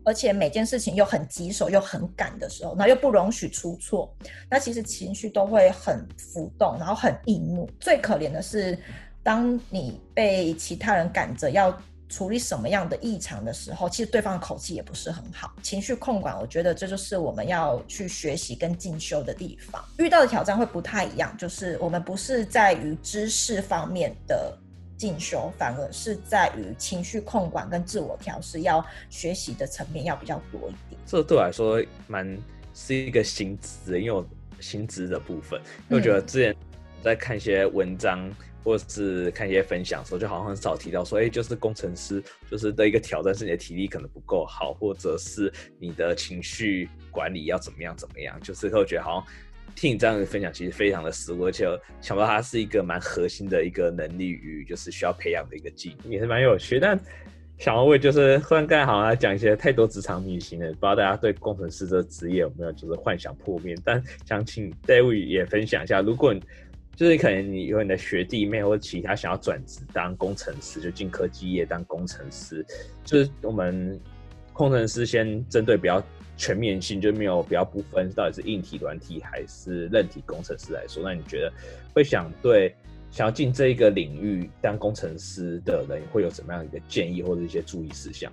而且每件事情又很棘手，又很趕的時候，那又不容許出錯，那其實情緒都會很浮動，然後很易怒。最可憐的是，當你被其他人趕着要。處理什麼樣的異常的時候，其實對方的口氣也不是很好，情緒控管，我覺得這就是我們要去學習跟進修的地方。遇到的挑戰會不太一樣，就是我們不是在於知識方面的進修，反而是在於情緒控管跟自我調試要學習的層面要比較多一點。這對我來說蠻是一個新知，因為我新知的部分，因為我覺得之前我在看一些文章、嗯。或是看一些分享的時候就好像很少提到說，哎、欸，就是工程師，就是對一個挑戰是你的體力可能不夠好，或者是你的情緒管理要怎麼樣怎麼樣，就是會覺得好像聽你這樣的分享，其實非常的實務，而且我就想到它是一個蠻核心的一個能力與就是需要培養的一個技能，也是蠻有趣。但想要為就是剛剛好像講一些太多職場女性了，不知道大家對工程師這個職業有沒有就是幻想破滅？但想請 David 也分享一下，如果。就是可能你有你的學弟妹或者其他想要轉職當工程師，就進科技業當工程師。就是我們工程師先針對比較全面性，就沒有比較不分到底是硬體、軟體還是韌體工程師來說。那你覺得會想對想要進這一個領域當工程師的人，會有怎麼樣一個建議或者一些注意事項？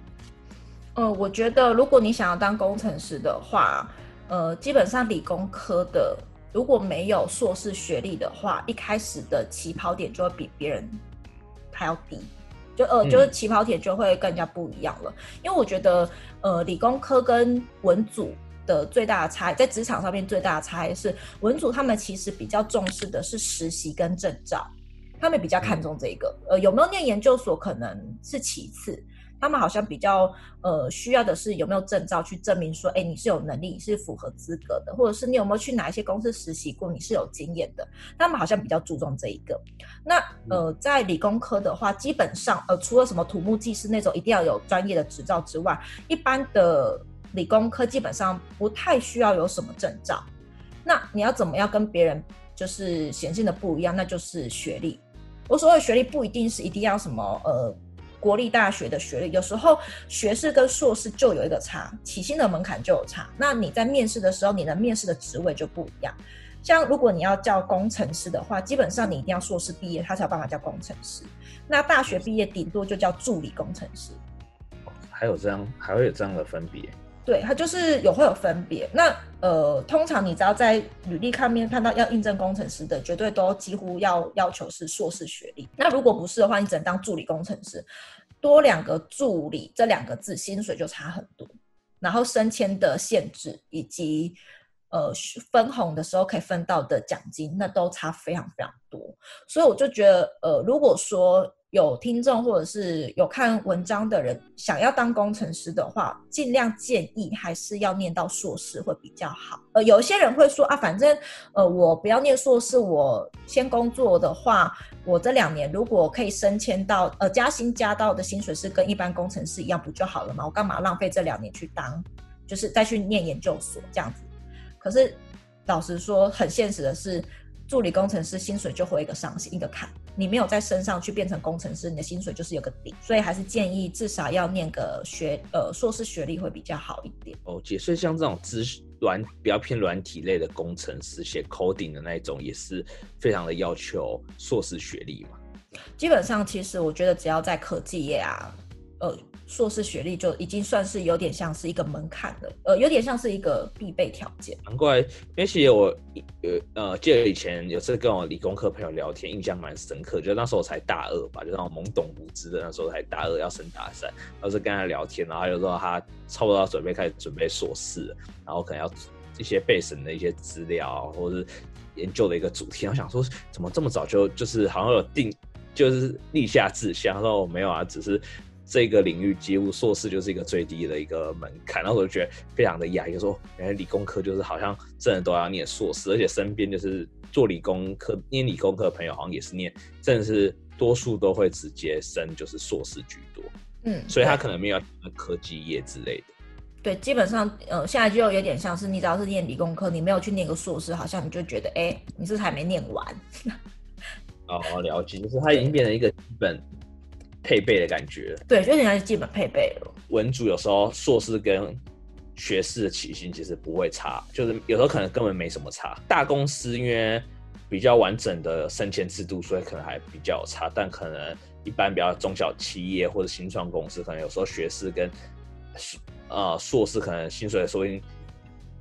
呃，我覺得如果你想要當工程師的話，呃，基本上理工科的。如果沒有碩士學歷的話，一開始的起跑點就會比別人還要低，就呃，嗯、就是起跑點就會更加不一樣了。因為我覺得，呃，理工科跟文組的最大的差，在職場上面最大的差異是，文組他們其實比較重視的是實習跟證照，他們比較看重這個。呃，有沒有念研究所可能是其次。他們好像比較呃需要的是有沒有證照去證明說，哎、欸，你是有能力，你是符合資格的，或者是你有沒有去哪一些公司實習過，你是有經驗的。他們好像比較注重這一個。那呃，在理工科的話，基本上呃，除了什麼土木技師那種一定要有專業的執照之外，一般的理工科基本上不太需要有什麼證照。那你要怎麼樣跟別人就是顯性的不一樣，那就是學歷。我所謂學歷不一定是一定要什麼呃。國立大學的學歷，有時候學士跟碩士就有一個差，起薪的門檻就有差。那你在面試的時候，你的面試的職位就不一樣。像如果你要叫工程師的話，基本上你一定要碩士畢業，他才有辦法叫工程師。那大學畢業頂多就叫助理工程師。還有這樣，還會有這樣的分別？對，它就是有會有分別。那呃，通常你只要在履歷看面看到要應徵工程師的，絕對都幾乎要要求是碩士學歷。那如果不是的話，你只能當助理工程師。多兩個助理這兩個字，薪水就差很多，然後升遷的限制以及呃分紅的時候可以分到的獎金，那都差非常非常多。所以我就覺得，呃，如果說，有聽眾或者是有看文章的人，想要當工程師的話，盡量建議還是要念到碩士會比較好。呃，有些人會說啊，反正呃我不要念碩士，我先工作的話，我這兩年如果可以升遷到呃加薪加到的薪水是跟一般工程師一樣，不就好了嗎？我幹嘛浪費這兩年去當，就是再去念研究所這樣子。可是老實說，很現實的是。助理工程師薪水就會一個上限一個坎，你沒有在身上去變成工程師，你的薪水就是有個底，所以還是建議至少要念個學呃碩士學歷會比較好一點哦。其實像這種資軟比較偏軟體類的工程師寫 coding 的那種，也是非常的要求碩士學歷嘛。基本上其實我覺得只要在科技業啊。呃，碩士學歷就已經算是有點像是一個門檻了，呃，有點像是一個必備條件。難怪，因為其實我呃呃，記得以前有次跟我理工科朋友聊天，印象蠻深刻。就那時候我才大二吧，就那種懵懂無知的，那時候才大二要升大三。當時跟他聊天，然後又說他差不多要準備開始準備碩士，然後可能要一些備審的一些資料，或者是研究的一個主題。然後想說，怎麼這麼早就就是好像有定，就是立下志向？他說我沒有啊，只是。這個領域幾乎碩士就是一個最低的一個門檻，然後我就覺得非常的壓抑，就是說哎，原來理工科就是好像真的都要念碩士，而且身邊就是做理工科、念理工科的朋友，好像也是念，真的是多數都會直接升，就是碩士居多。嗯，所以他可能沒有科技業之類的。對，對基本上呃，現在就有點像是，你只要是念理工科，你沒有去念個碩士，好像你就覺得哎，你是，是還沒念完。哦， 好好了解，就是他已經變成一個基本。配備的感覺，對，就應該是基本配備了。文組有時候碩士跟學士的起薪其實不會差，就是有時候可能根本沒什麼差。大公司因為比較完整的升遷制度，所以可能還比較差，但可能一般比較中小企業或者新創公司，可能有時候學士跟，呃，碩士可能薪水說不定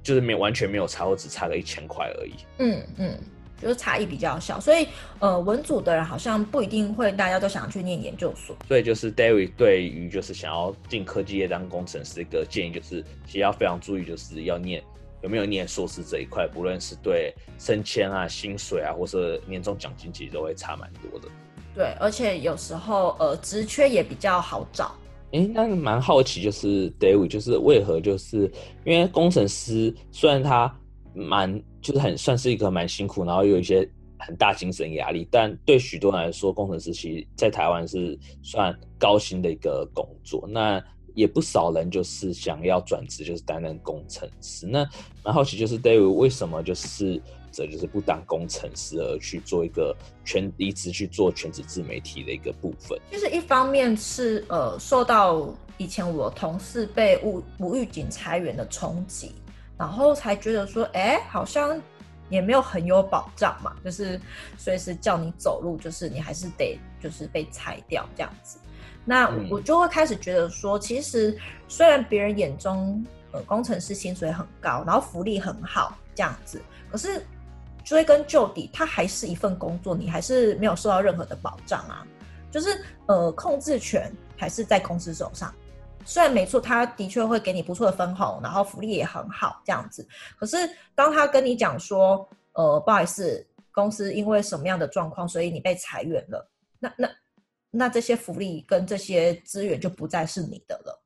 就是沒完全沒有差，或只差個一千塊而已。嗯嗯。就是差異比較小，所以呃，文組的人好像不一定會，大家都想要去念研究所。所以就是 David 對於就是想要進科技業當工程師的一個建議，就是其實要非常注意，就是要念有沒有念碩士這一塊，不論是對升遷啊、薪水啊，或是年終獎金，其實都會差蠻多的。對，而且有時候呃，職缺也比較好找。誒、欸，那你蠻好奇，就是 David，就是為何就是因為工程師雖然他。蠻就是很算是一個蠻辛苦，然後有一些很大精神壓力，但對許多人來說，工程師其實，在台灣是算高薪的一個工作。那也不少人就是想要轉職，就是擔任工程師。那蠻好奇，就是 David 為什麼就是這，就是不當工程師而去做一個全離職去做全職自媒體的一個部分？就是一方面是呃，受到以前我同事被無無預警裁員的衝擊。然後才覺得說，哎，好像也沒有很有保障嘛，就是隨時叫你走路，就是你還是得就是被裁掉這樣子。那我就會開始覺得說，其實雖然別人眼中呃工程師薪水很高，然後福利很好這樣子，可是追根究底，它還是一份工作，你還是沒有受到任何的保障啊，就是呃控制權還是在公司手上。雖然沒錯，他的確會給你不錯的分紅，然後福利也很好，這樣子。可是當他跟你講說，呃，不好意思，公司因為什麼樣的狀況，所以你被裁員了。那那那這些福利跟這些資源就不再是你的了。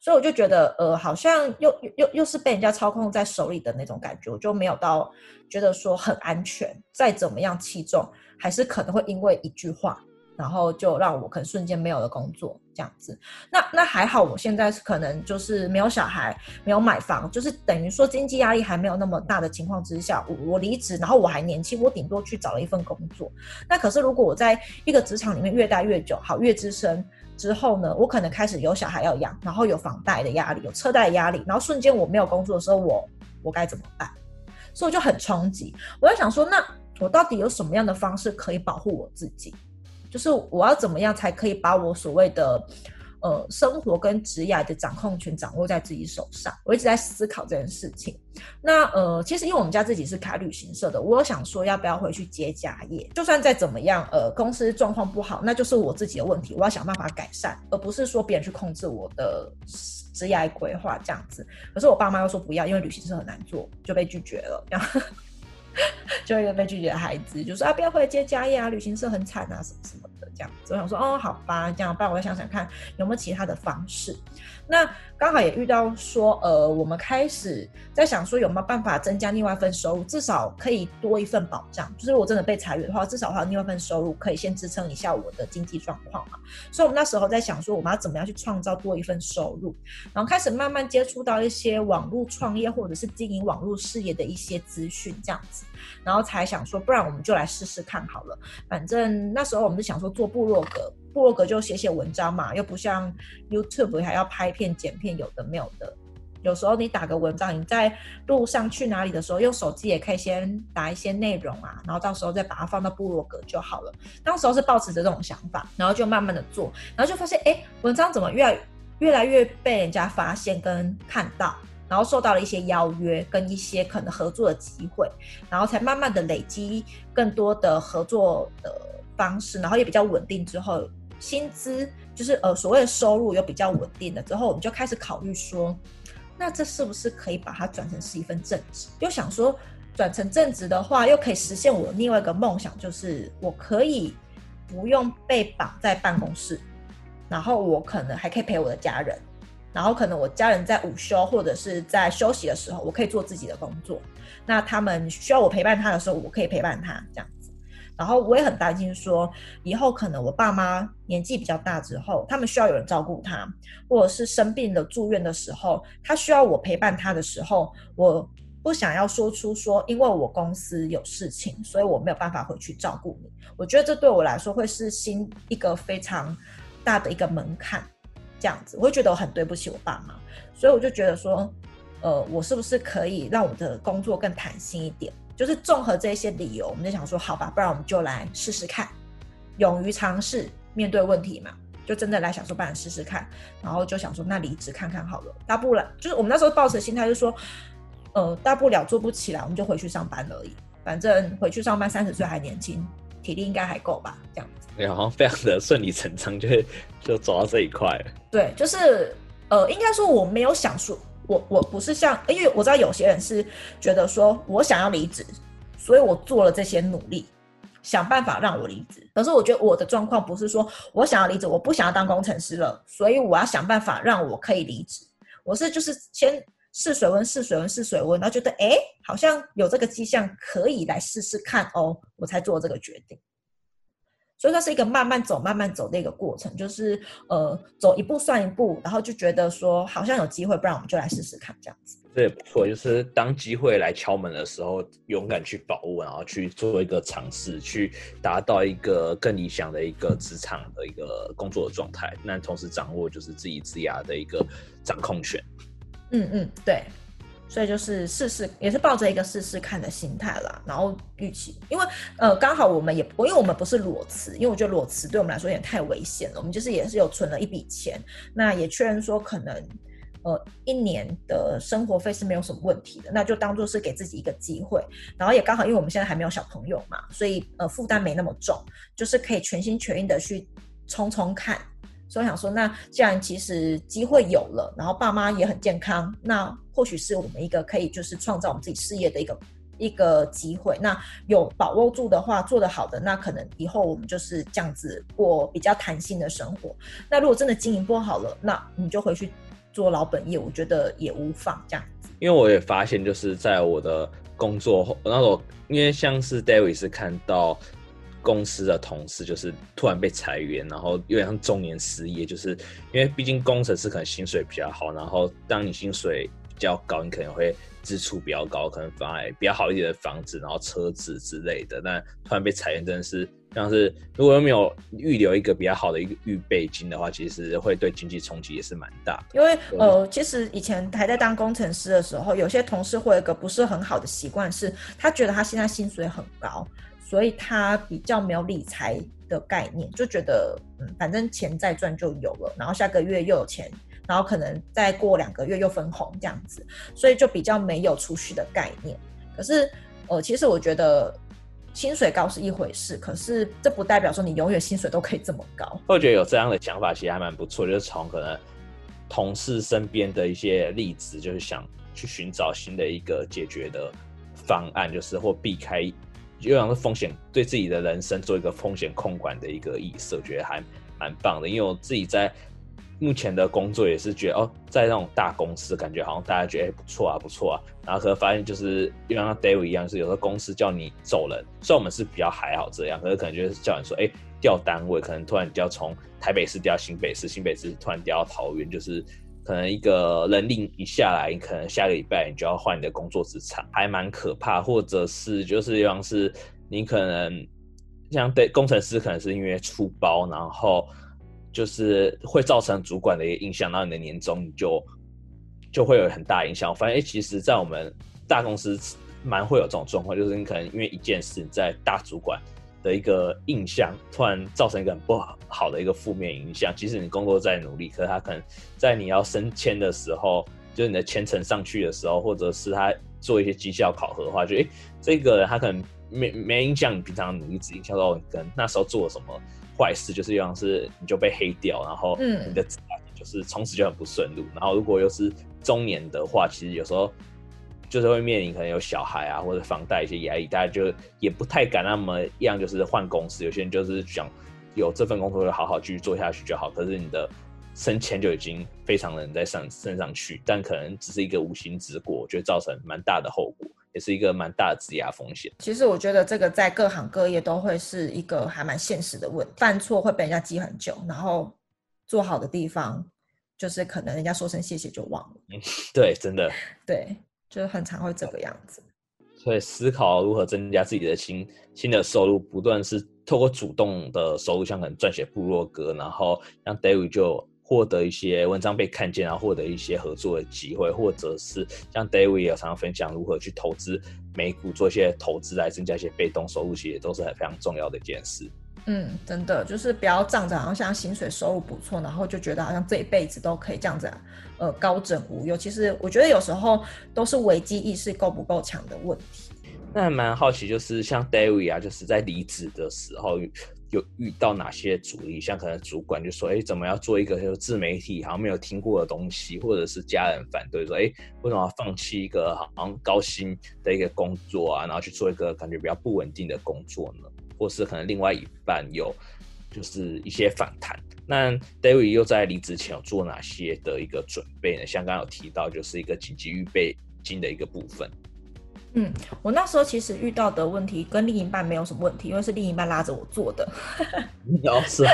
所以我就覺得，呃，好像又又又是被人家操控在手裡的那種感覺，我就沒有到覺得說很安全。再怎麼樣器重，還是可能會因為一句話。然後就讓我可能瞬間沒有了工作，這樣子。那那還好，我現在是可能就是沒有小孩，沒有買房，就是等於說經濟壓力還沒有那麼大的情況之下，我我離職，然後我還年輕，我頂多去找了一份工作。那可是如果我在一個職場裡面越待越久，好越資深之後呢，我可能開始有小孩要養，然後有房貸的壓力，有車貸的壓力，然後瞬間我沒有工作的時候，我我該怎麼辦？所以我就很衝擊，我在想說，那我到底有什麼樣的方式可以保護我自己？就是我要怎麼樣才可以把我所謂的，呃，生活跟職業的掌控權掌握在自己手上？我一直在思考這件事情。那呃，其實因為我們家自己是開旅行社的，我想說要不要回去接家業？就算再怎麼樣，呃，公司狀況不好，那就是我自己的問題，我要想辦法改善，而不是說別人去控制我的職業規劃這樣子。可是我爸媽又說不要，因為旅行社很難做，就被拒絕了。 就一個被拒絕的孩子，就說啊，不要回來接家業啊，旅行社很慘啊，什麼什麼的，這樣子，所以想說，哦，好吧，這樣辦，我再想想看有沒有其他的方式。那剛好也遇到說，呃，我們開始在想說有沒有辦法增加另外一份收入，至少可以多一份保障。就是我真的被裁員的話，至少還有另外一份收入可以先支撐一下我的經濟狀況嘛。所以，我們那時候在想說，我們要怎麼樣去創造多一份收入，然後開始慢慢接觸到一些網絡創業或者是經營網絡事業的一些資訊，這樣子，然後才想說，不然我們就來試試看好了。反正那時候我們就想說做部落格。部落格就寫寫文章嘛，又不像 YouTube 還要拍片剪片，有的沒有的。有時候你打個文章，你在路上去哪裡的時候，用手機也可以先打一些內容啊，然後到時候再把它放到部落格就好了。當時候是抱持着這種想法，然後就慢慢的做，然後就發現，哎、欸，文章怎麼越來越來越被人家發現跟看到，然後受到了一些邀約跟一些可能合作的機會，然後才慢慢的累積更多的合作的方式，然後也比較穩定之後。薪資就是呃所謂的收入又比較穩定了之後，我們就開始考慮說，那這是不是可以把它轉成是一份正職？又想說轉成正職的話，又可以實現我另外一個夢想，就是我可以不用被綁在辦公室，然後我可能還可以陪我的家人，然後可能我家人在午休或者是在休息的時候，我可以做自己的工作。那他們需要我陪伴他的時候，我可以陪伴他，這樣子。然後我也很擔心，說以後可能我爸媽年紀比較大之後，他們需要有人照顧他，或者是生病了住院的時候，他需要我陪伴他的時候，我不想要說出說因為我公司有事情，所以我沒有辦法回去照顧你。我覺得這對我來說會是新一個非常大的一個門檻，這樣子，我會覺得我很對不起我爸媽，所以我就覺得說，呃，我是不是可以讓我的工作更彈性一點？就是綜合這些理由，我們就想說，好吧，不然我們就來試試看，勇於嘗試面對問題嘛，就真的來想說，不然試試看。然後就想說，那離職看看好了，大不了就是我們那時候抱着心態就說，呃，大不了做不起來，我們就回去上班而已，反正回去上班三十歲還年輕，體力應該還夠吧，這樣子。欸，好像非常的順理成章，就就走到這一塊了。對，就是呃，應該說我沒有想說。我我不是像，因為我知道有些人是覺得說我想要離職，所以我做了這些努力，想辦法讓我離職。可是我覺得我的狀況不是說我想要離職，我不想要當工程師了，所以我要想辦法讓我可以離職。我是就是先試水溫，試水溫，試水溫，然後覺得誒好像有這個跡象可以來試試看哦，我才做這個決定。所以它是一個慢慢走、慢慢走的一個過程，就是呃，走一步算一步，然後就覺得說好像有機會，不然我們就來試試看這樣子。對，不錯，就是當機會來敲門的時候，勇敢去把握，然後去做一個嘗試，去達到一個更理想的一個職場的一個工作的狀態。那同時掌握就是自己職涯的一個掌控權。嗯嗯，對。所以就是試試，也是抱着一個試試看的心態啦。然後預期，因為呃剛好我們也，因為我們不是裸辭，因為我覺得裸辭對我們來說有點太危險了。我們就是也是有存了一筆錢，那也確認說可能呃一年的生活費是沒有什麼問題的。那就當作是給自己一個機會。然後也剛好因為我們現在還沒有小朋友嘛，所以呃負擔沒那麼重，就是可以全心全意的去衝衝看。所以想說，那既然其實機會有了，然後爸媽也很健康，那或許是我們一個可以就是創造我們自己事業的一個一個機會。那有把握住的話，做得好的，那可能以後我們就是這樣子過比較彈性的生活。那如果真的經營不好了，那你就回去做老本業，我覺得也無妨這樣子。因為我也發現，就是在我的工作後，那我因為像是 David 是看到。公司的同事就是突然被裁員，然後有點像中年失業，就是因為畢竟工程師可能薪水比較好，然後當你薪水比較高，你可能會支出比較高，可能買比較好一點的房子，然後車子之類的。但突然被裁員，真的是像是如果又沒有預留一個比較好的一個預備金的話，其實會對經濟衝擊也是蠻大的。因為呃，其實以前還在當工程師的時候，有些同事會有一個不是很好的習慣，是他覺得他現在薪水很高。所以他比較沒有理財的概念，就覺得嗯，反正錢再賺就有了，然後下個月又有錢，然後可能再過兩個月又分紅這樣子，所以就比較沒有儲蓄的概念。可是呃，其實我覺得薪水高是一回事，可是這不代表說你永遠薪水都可以這麼高。我覺得有這樣的想法其實還蠻不錯，就是從可能同事身邊的一些例子，就是想去尋找新的一個解決的方案，就是或避開。就像是風險，對自己的人生做一個風險控管的一個意識，我覺得還蠻棒的。因為我自己在目前的工作也是覺得，哦，在那種大公司，感覺好像大家覺得不錯啊，不錯啊。然後可能發現就是，就像 David 一樣，就是有的公司叫你走人，雖然我們是比較還好這樣，可是可能就是叫你說，哎，調單位，可能突然你要從台北市調新北市，新北市突然調到桃園，就是。可能一個人令一下來，你可能下個禮拜你就要換你的工作職場，還蠻可怕。或者是就是像是你可能像對工程師，可能是因為出包，然後就是會造成主管的一個印象，那你的年終就就會有很大影響。反正、欸、其實，在我們大公司蠻會有這種狀況，就是你可能因為一件事，在大主管，的一個印象，突然造成一個很不好,好的一個負面影響。即使你工作再努力，可是他可能在你要升遷的時候，就是你的簽呈上去的時候，或者是他做一些績效考核的話，就誒、欸，這個人他可能沒沒影響你平常努力，只影響到你跟那時候做了什麼壞事，就是像是你就被黑掉，然後你的質感就是從此就很不順路、嗯。然後如果又是中年的話，其實有時候。就是會面臨可能有小孩啊，或者房貸一些壓力，大家就也不太敢那麼樣，就是換公司。有些人就是想有這份工作，就好好繼續做下去就好。可是你的升遷就已經非常難再上升上去，但可能只是一個無心之過，就造成蠻大的後果，也是一個蠻大的質押風險。其實我覺得這個在各行各業都會是一個還蠻現實的問題，犯錯會被人家記很久，然後做好的地方就是可能人家說聲謝謝就忘了。嗯，對，真的， 對。就是很常會這個樣子，所以思考如何增加自己的新新的收入，不斷是透過主動的收入，像可能撰寫部落格，然後讓 David 就獲得一些文章被看見，然後獲得一些合作的機會，或者是像 David 也有常常分享如何去投資美股，做一些投資來增加一些被動收入，其實也都是很非常重要的一件事。嗯，真的就是不要仗着好像，像薪水收入不錯，然後就覺得好像這一輩子都可以這樣子啊，呃，高枕無憂。其實我覺得有時候都是危機意識夠不夠強的問題。那還蠻好奇，就是像 David 啊，就是在離職的時候有遇到哪些阻力？像可能主管就說：“哎，怎麼要做一個就自媒體，好像沒有聽過的東西？”或者是家人反對說：“哎，為什麼要放棄一個好像高薪的一個工作啊？然後去做一個感覺比較不穩定的工作呢？”或是可能另外一半有，就是一些反彈。那 David 又在離職前有做哪些的一個準備呢？像剛剛有提到，就是一個緊急預備金的一個部分。嗯，我那時候其實遇到的問題跟另一半沒有什麼問題，因為是另一半拉着我做的。哦 你要是，是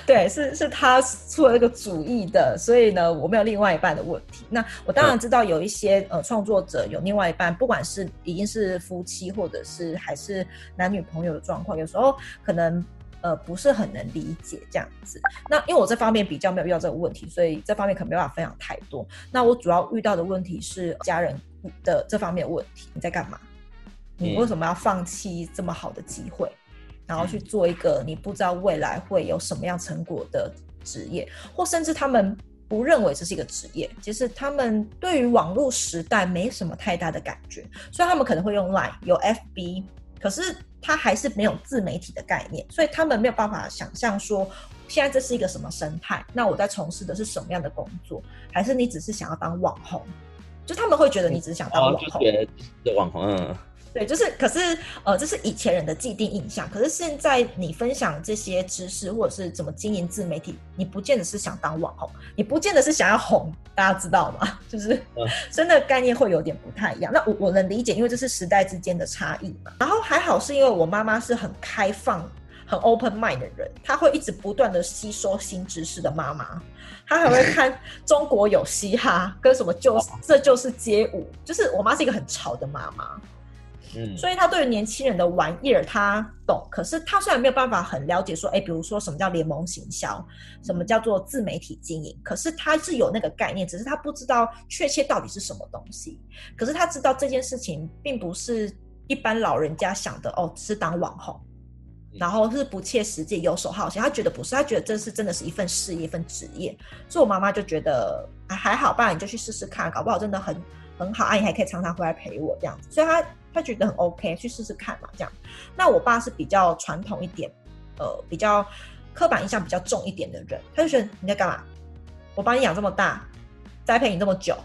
對，是是他出了一個主意的，所以呢，我沒有另外一半的問題。那我當然知道有一些呃創作者有另外一半，不管是已經是夫妻，或者是還是男女朋友的狀況，有時候可能。呃，不是很能理解這樣子。那因為我這方面比較沒有遇到這個問題，所以這方面可沒辦法分享太多。那我主要遇到的問題是家人的這方面問題。你在幹嘛？你為什麼要放棄這麼好的機會，嗯，然後去做一個你不知道未來會有什麼樣成果的職業，或甚至他們不認為這是一個職業。其實他們對於網絡時代沒什麼太大的感覺，所以他們可能會用 Line 有 FB，可是。他還是沒有自媒體的概念，所以他們沒有辦法想象說，現在這是一個什麼生態？那我在從事的是什麼樣的工作？還是你只是想要當網紅？就他們會覺得你只是想當網紅。的、哦就是、網紅、啊，嗯。對，就是，可是，呃，這是以前人的既定印象。可是現在你分享這些知識，或者是怎麼經營自媒體，你不見得是想當網紅，你不見得是想要紅，大家知道嗎？就是，所以那概念會有點不太一樣。那我我能理解，因為這是時代之間的差異嘛。然後還好，是因為我媽媽是很開放、很 open mind 的人，她會一直不斷的吸收新知識的媽媽，她還會看中國有嘻哈跟什麼就是、這就是街舞，就是我媽是一個很潮的媽媽。嗯、所以他對於年輕人的玩意兒他懂，可是他雖然沒有辦法很了解說，說、欸、誒、比如說什麼叫聯盟行銷，什麼叫做自媒體經營、嗯，可是他是有那個概念，只是他不知道確切到底是什麼東西。可是他知道這件事情並不是一般老人家想的哦，是當網紅，嗯、然後是不切實際、游手好閒。他覺得不是，他覺得這是真的是一份事業、一份職業。所以我媽媽就覺得、啊、還好吧，你就去試試看，搞不好真的很。很好啊，你還可以常常回來陪我這樣子，所以他他覺得很 OK，去試試看嘛這樣。那我爸是比較傳統一點，呃，比較刻板印象比較重一點的人，他就覺得你在幹嘛？我把你養這麼大，栽培你這麼久，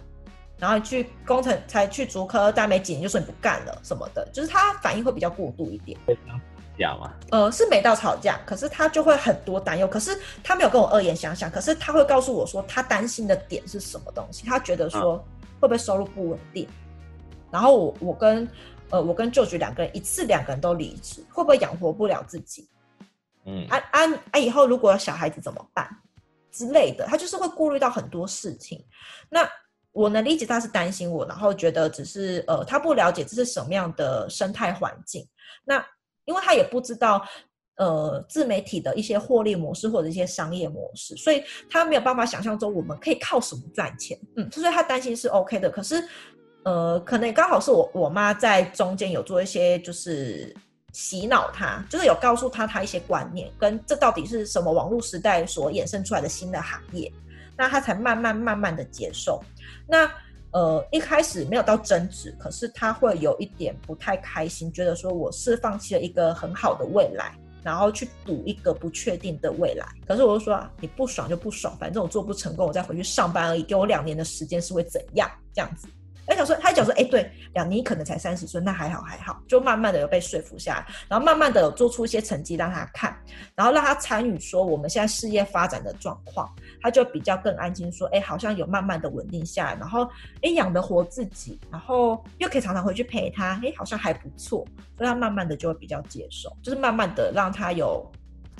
然後你去工程才去竹科待沒幾年，就說你不幹了什麼的，就是他反應會比較過度一點。會吵架嗎？呃，是沒到吵架，可是他就會很多擔憂。可是他沒有跟我惡言相向，可是他會告訴我說他擔心的點是什麼東西，他覺得說、啊。會不會收入不穩定？然後我我跟呃我跟舅舅兩個人一次兩個人都離職，會不會養活不了自己？嗯，啊啊啊！以後如果小孩子怎麼辦之類的，他就是會顧慮到很多事情。那我能理解他是擔心我，然後覺得只是呃他不了解這是什麼樣的生態環境，那因為他也不知道。呃，自媒體的一些獲利模式或者一些商業模式，所以他沒有辦法想象中我們可以靠什麼賺錢，嗯，所以他擔心是 OK 的。可是，呃，可能也剛好是我我媽在中間有做一些就是洗腦他，就是有告訴他他一些觀念，跟這到底是什麼網絡時代所衍生出來的新的行業，那他才慢慢慢慢的接受。那呃，一開始沒有到爭執，可是他會有一點不太開心，覺得說我是放棄了一個很好的未來。然後去賭一個不確定的未來，可是我就說啊，你不爽就不爽，反正我做不成功，我再回去上班而已。給我兩年的時間是會怎樣？這樣子。他、欸、他說，他還講說，哎、欸，對，兩年可能才三十歲，那還好還好，就慢慢的有被說服下來，然後慢慢的有做出一些成績讓他看，然後讓他參與說我們現在事業發展的狀況，他就比較更安心說，哎、欸，好像有慢慢的穩定下來，然後哎、欸、養得活自己，然後又可以常常回去陪他，哎、欸，好像還不錯，所以他慢慢的就會比較接受，就是慢慢的讓他有。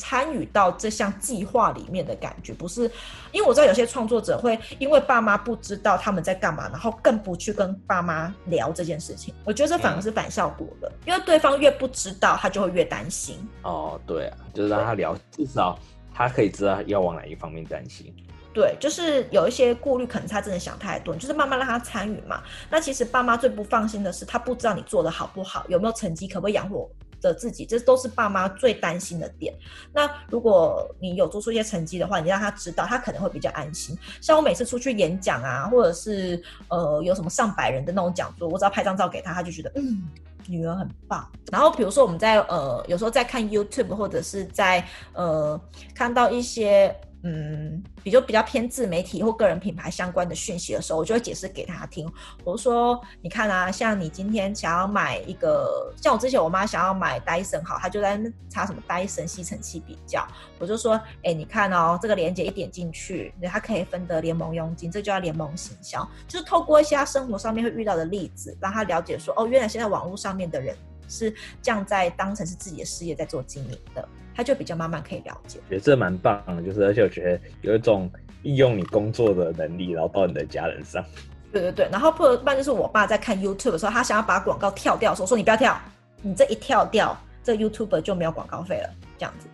參與到這項計劃裡面的感覺，不是因為我知道有些創作者會因為爸媽不知道他們在幹嘛，然後更不去跟爸媽聊這件事情。我覺得這反而是反效果的。嗯，因為對方越不知道，他就會越擔心。哦，對啊，就是讓他聊，至少他可以知道要往哪一方面擔心。對，就是有一些顧慮，可能他真的想太多，就是慢慢讓他參與嘛。那其實爸媽最不放心的是，他不知道你做得好不好，有沒有成績，可不可以養活的自己，這都是爸媽最擔心的點。那如果你有做出一些成績的話，你讓他知道，他可能會比較安心。像我每次出去演講啊，或者是呃有什麼上百人的那種講座，我只要拍張照給他，他就覺得嗯，女兒很棒。然後比如說我們在呃有時候在看 YouTube 或者是在呃看到一些，嗯，比較比較偏自媒體或個人品牌相關的訊息的時候，我就會解釋給他聽。我說：“你看啊，像你今天想要買一個，像我之前我媽想要買戴森，好，她就在那查什麼戴森吸塵器比較。”我就說：“哎、欸，你看哦，這個鏈接一點進去，他可以分得聯盟傭金，這就叫聯盟行銷。就是透過一些他生活上面會遇到的例子，讓他了解說：哦，原來現在網絡上面的人是這樣在當成是自己的事業在做經營的。”他就比較慢慢可以了解，覺得這蠻棒的，就是而且我覺得有一種利用你工作的能力，然後到你的家人上。 對對對，然後不一般就是我爸在看 YouTube 的時候，他想要把廣告跳掉的時候，說你不要跳，你這一跳掉，這 YouTuber 就沒有廣告費了。這樣子，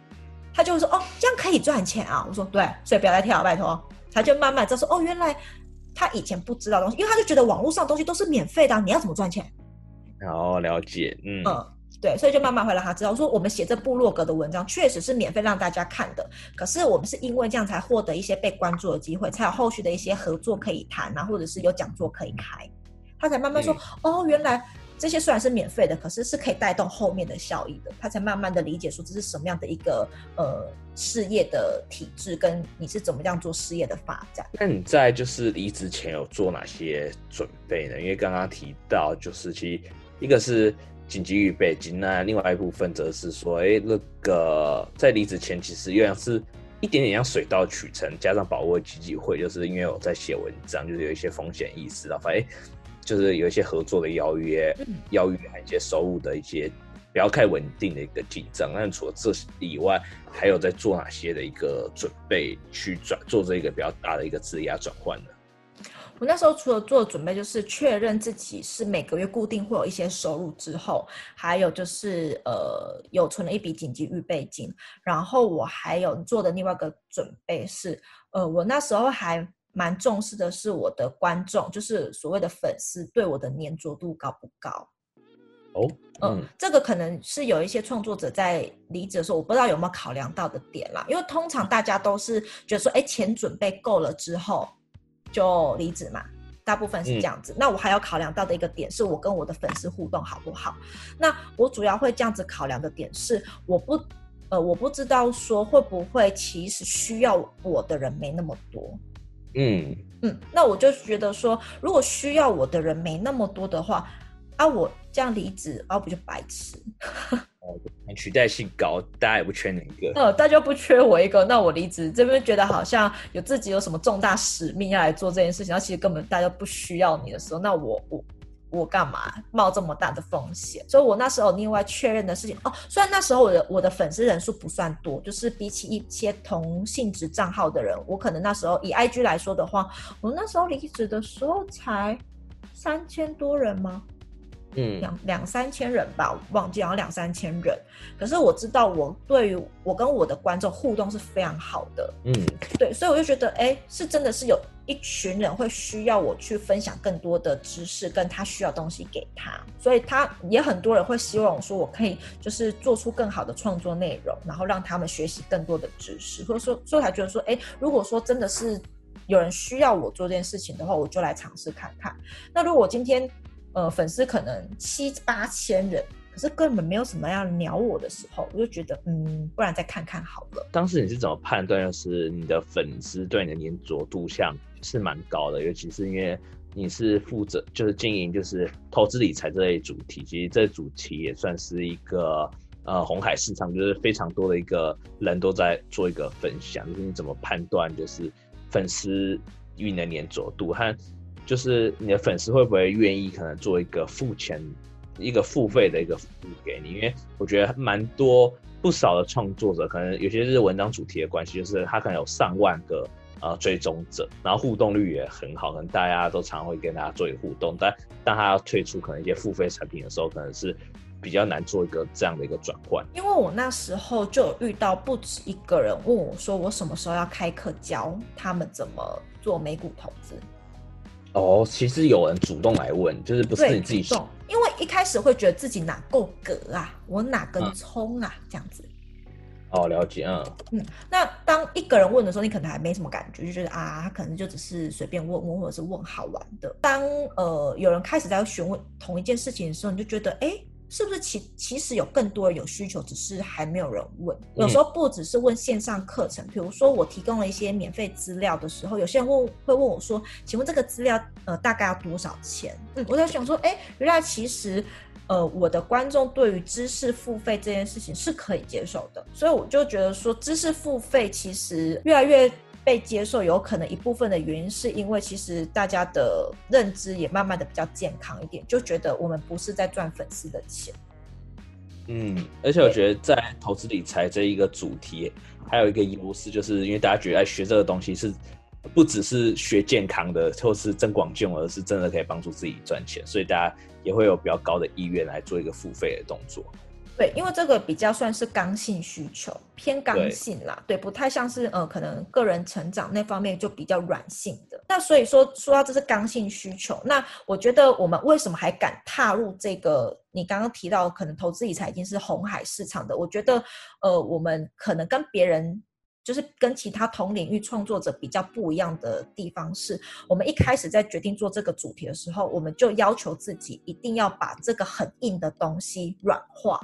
他就會說哦，這樣可以賺錢啊！我說對，所以不要再跳，拜託。他就慢慢知道說哦，原來他以前不知道的東西，因為他就覺得網絡上的東西都是免費的、啊，你要怎麼賺錢？好了解，嗯。嗯對，所以就慢慢會讓他知道說，我們寫這部落格的文章確實是免費讓大家看的，可是我們是因為這樣才獲得一些被關注的機會，才有後續的一些合作可以談啊，或者是有講座可以開，他才慢慢說哦，原來這些雖然是免費的，可是是可以帶動後面的效益的，他才慢慢的理解說這是什麼樣的一個呃事業的體制跟你是怎麼樣做事業的發展。那你在就是離職前有做哪些準備呢？因為剛剛提到就是其實一個是。緊急預備金呢，另外一部分則是說，哎、欸，那個在離職前其實又像是一點點像水到渠成，加上把握機會，就是因為我在寫文章，就是有一些風險意識，然後反正就是有一些合作的邀約，邀約還有一些收入的一些比較太穩定的一個進帳。那除了這些以外，還有在做哪些的一個準備去轉做這個比較大的一個職涯轉換呢？我那時候除了做準備，就是確認自己是每個月固定會有一些收入之後，還有就是呃，有存了一筆緊急預備金。然後我還有做的另外一個準備是，呃，我那時候還蠻重視的是我的觀眾，就是所謂的粉絲對我的粘着度高不高。哦，嗯，這個可能是有一些創作者在離職的時候，我不知道有沒有考量到的點啦，因為通常大家都是覺得說，誒，錢準備夠了之後。就離職嘛，大部分是這樣子。嗯、那我還要考量到的一個點是，我跟我的粉絲互動好不好？那我主要會這樣子考量的點是，我不，呃，我不知道說會不會其實需要我的人沒那麼多。嗯嗯，那我就覺得說，如果需要我的人沒那麼多的話，啊，我這樣離職啊，不就白痴？ 取代性高，大家也不缺哪個。呃、嗯，大家不缺我一個，那我離職這邊覺得好像有自己有什麼重大使命要來做這件事情，那其實根本大家不需要你的時候，那我我我幹嘛冒這麼大的風險？所以，我那時候另外確認的事情哦，雖然那時候我的我的粉絲人數不算多，就是比起一些同性質賬號的人，我可能那時候以 IG 來說的話，我那時候離職的時候才三千多人嗎？嗯，兩兩三千人吧，我忘記，好像兩三千人。可是我知道，我對於我跟我的觀眾互動是非常好的。嗯，對，所以我就覺得，哎，是真的是有一群人會需要我去分享更多的知識，跟他需要東西給他，所以他也很多人會希望說，我可以就是做出更好的創作內容，然後讓他們學習更多的知識。所以說，所以才覺得說，哎，如果說真的是有人需要我做這件事情的話，我就來嘗試看看。那如果今天。呃，粉絲可能七八千人，可是根本沒有什麼要鳥我的時候，我就覺得，嗯，不然再看看好了。當時你是怎麼判斷，就是你的粉絲對你的粘着度，像是蠻高的，尤其是因為你是負責就是經營就是投資理財這類主題，其實這主題也算是一個呃紅海市場，就是非常多的一個人都在做一個分享。就是你怎麼判斷，就是粉絲與你的粘着度和。就是你的粉絲會不會願意可能做一個付錢，一個付費的一個服務給你？因為我覺得蠻多不少的創作者，可能有些是文章主題的關係，就是他可能有上萬個啊、呃、追蹤者，然後互動率也很好，可能大家都常常會跟大家做一個互動。但當他要退出可能一些付費產品的時候，可能是比較難做一個這樣的一個轉換。因為我那時候就有遇到不止一個人問我說，我什麼時候要開課教他們怎麼做美股投資？哦，其實有人主動來問，就是不是你自己，自己想的？因為一開始會覺得自己哪夠格啊，我哪根蔥啊、嗯、這樣子。哦，了解啊、嗯。嗯，那當一個人問的時候，你可能還沒什麼感覺，就覺、是、得啊，他可能就只是隨便問問，或者是問好玩的。當呃有人開始在詢問同一件事情的時候，你就覺得哎。欸是不是其其實有更多人有需求，只是還沒有人問。有時候不只是問線上課程，比如說我提供了一些免費資料的時候，有些人問會問我說：“請問這個資料呃大概要多少錢？”嗯，我在想說，欸，原來其實呃我的觀眾對於知識付費這件事情是可以接受的，所以我就覺得說知識付費其實越來越。被接受，有可能一部分的原因是因為其實大家的認知也慢慢的比較健康一點，就覺得我們不是在賺粉絲的錢。嗯，而且我覺得在投資理財這一個主題，還有一個優勢，就是因為大家覺得愛學這個東西是不只是學健康的或是增廣見聞，而是真的可以幫助自己賺錢，所以大家也會有比較高的意願來做一個付費的動作。對，因為這個比較算是剛性需求，偏剛性啦，對，對不太像是呃，可能個人成長那方面就比較軟性的。那所以說說到這是剛性需求，那我覺得我們為什麼還敢踏入這個？你剛剛提到可能投資理財已經是紅海市場的，我覺得呃，我們可能跟別人就是跟其他同領域創作者比較不一樣的地方是，我們一開始在決定做這個主題的時候，我們就要求自己一定要把這個很硬的東西軟化。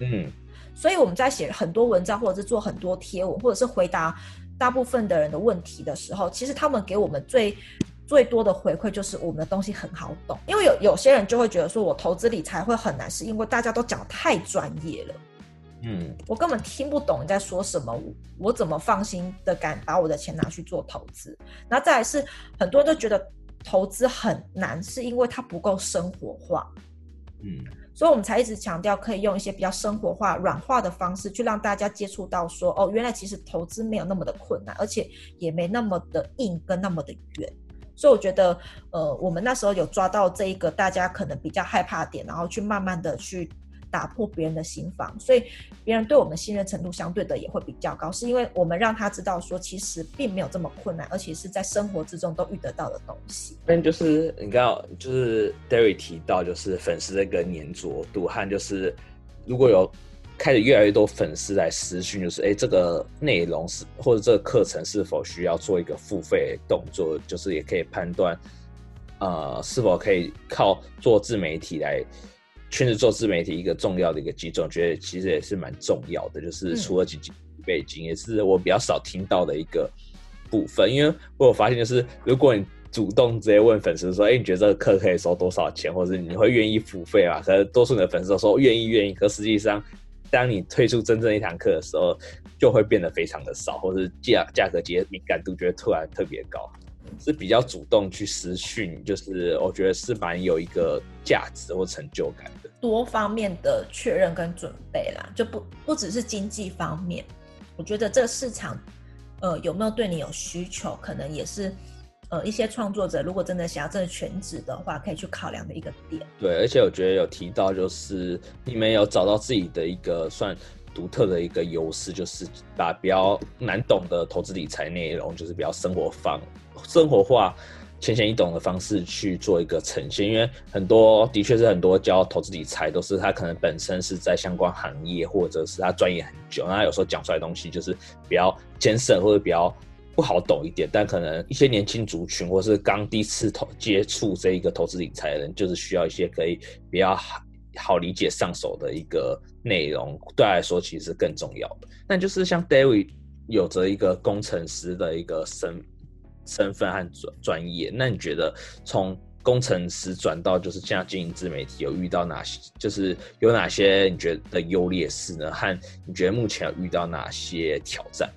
嗯，所以我們在寫很多文章，或者是做很多貼文，或者是回答大部分的人的問題的時候，其實他們給我們最最多的回饋就是我們的東西很好懂。因為有有些人就會覺得說，我投資理財會很難，是因為大家都講得太專業了。嗯，我根本聽不懂你在說什麼，我我怎麼放心的敢把我的錢拿去做投資？那再來是很多人都覺得投資很難，是因為它不夠生活化。嗯。所以，我們才一直強調可以用一些比較生活化、軟化的方式，去讓大家接觸到說，說哦，原來其實投資沒有那麼的困難，而且也沒那麼的硬跟那麼的遠。所以，我覺得，呃，我們那時候有抓到這一個大家可能比較害怕點，然後去慢慢的去。打破別人的心防，所以別人對我們信任程度相對的也會比較高，是因為我們讓他知道說，其實並沒有這麼困難，而且是在生活之中都遇得到的東西。但就是你剛剛就是 Derry 提到，就是、就是、就是粉絲的一個粘着度，還有就是如果有開始越來越多粉絲來私訊，就是哎、欸，這個內容是或者這個課程是否需要做一個付費動作，就是也可以判斷，呃，是否可以靠做自媒體來。確實做自媒體一個重要的一個集中，我覺得其實也是蠻重要的。就是除了經濟背景、嗯，也是我比較少聽到的一個部分。因為我有發現，就是如果你主動直接問粉絲說：“哎、欸，你覺得這個課可以收多少錢？”或者你會願意付費啊，可是多數你的粉絲都說願意，願意。可實際上，當你推出真正一堂課的時候，就會變得非常的少，或是價價格接敏感度覺得突然特別高，是比較主動去私訊，就是我覺得是蠻有一個價值或成就感。多方面的確認跟準備啦，就不不只是經濟方面，我覺得這個市場，呃，有沒有對你有需求，可能也是呃一些創作者如果真的想要這個全職的話，可以去考量的一個點。對，而且我覺得有提到就是你們有找到自己的一個算獨特的一個優勢，就是把比較難懂的投資理財內容，就是比較生活方生活化。淺顯易懂的方式去做一個呈現，因為很多的確是很多教投資理財都是他可能本身是在相關行業，或者是他專業很久，那他有時候講出來的東西就是比較艱澀，或者比較不好懂一點。但可能一些年輕族群或是剛第一次投接觸這一個投資理財的人，就是需要一些可以比較好理解上手的一個內容，對他來說其實是更重要的。那就是像 David 有着一個工程師的一個身。身份和專專業，那你覺得從工程師轉到就是現在經營自媒體，有遇到哪些？就是有哪些你覺得優劣勢呢？和你覺得目前有遇到哪些挑戰？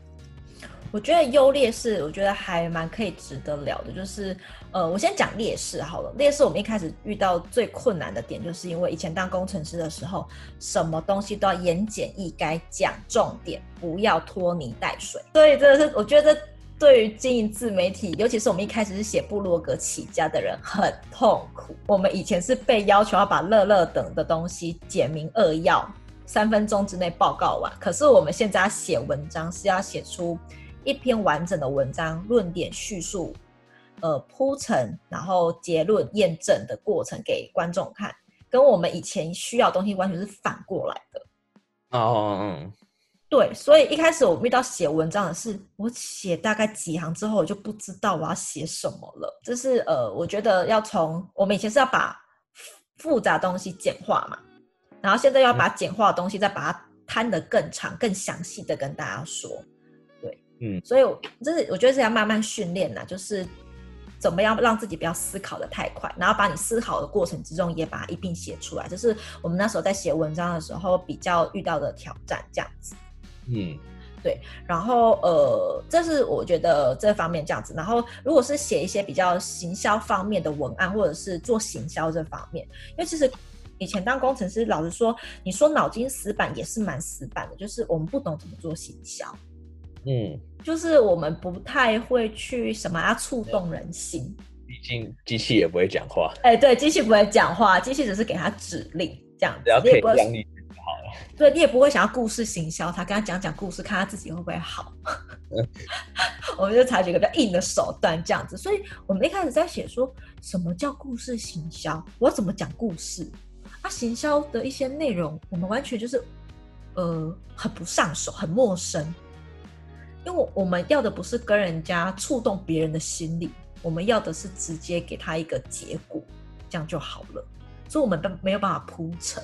我覺得優劣勢，我覺得還蠻可以值得聊的。就是呃，我先講劣勢好了。劣勢我們一開始遇到最困難的點，就是因為以前當工程師的時候，什麼東西都要言簡意賅，講重點，不要拖泥帶水。所以真的是，我覺得。對於經營自媒體，尤其是我們一開始是寫部落格起家的人，很痛苦。我們以前是被要求要把樂樂等的東西簡明扼要，三分鐘之內報告完。可是我們現在要寫文章是要寫出一篇完整的文章，論點、敘述、呃鋪陳，然後結論、驗證的過程給觀眾看，跟我們以前需要的東西完全是反過來的。哦、oh.。對，所以一開始我遇到寫文章的是，我寫大概幾行之後，我就不知道我要寫什麼了。這是呃，我覺得要從我們以前是要把複雜的東西簡化嘛，然後現在要把簡化的東西再把它攤得更長、更詳細的跟大家說。對，嗯，所以我就是我覺得是要慢慢訓練啦，就是怎麼樣讓自己不要思考得太快，然後把你思考的過程之中也把它一併寫出來。這、就是我們那時候在寫文章的時候比較遇到的挑戰，這樣子。嗯，對，然後呃，這是我覺得這方面這樣子。然後如果是寫一些比較行銷方面的文案，或者是做行銷這方面，因為其實以前當工程師，老實說，你說腦筋死板也是蠻死板的，就是我們不懂怎麼做行銷。嗯，就是我們不太會去什麼要、啊、觸動人心，畢竟機器也不會講話。哎，對，機器不會講話，機器只是給他指令這樣子，要可以幫你。對，你也不會想要故事行銷，他跟他講講故事，看他自己會不會好。 我們就採取一個比較硬的手段這樣子，所以我們一開始在寫說什麼叫故事行銷，我要怎麼講故事。啊，行銷的一些內容，我們完全就是呃很不上手，很陌生。因為我們要的不是跟人家觸動別人的心理，我們要的是直接給他一個結果，這樣就好了。所以我們都沒有辦法鋪陳。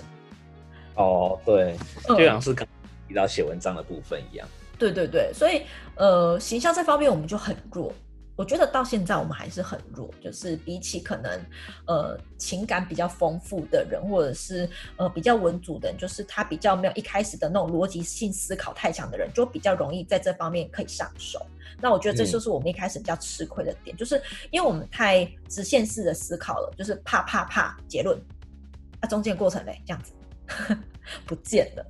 哦，對，就像是剛提到寫文章的部分一樣。對對對，所以呃，形象這方面我們就很弱。我覺得到現在我們還是很弱，就是比起可能呃情感比較豐富的人，或者是呃比較穩重的人，就是他比較沒有一開始的那種邏輯性思考太強的人，就比較容易在這方面可以上手。那我覺得這就是我們一開始比較吃虧的點，嗯、就是因為我們太直線式的思考了，就是怕怕怕結論，那中間過程嘞這樣子。 不見了。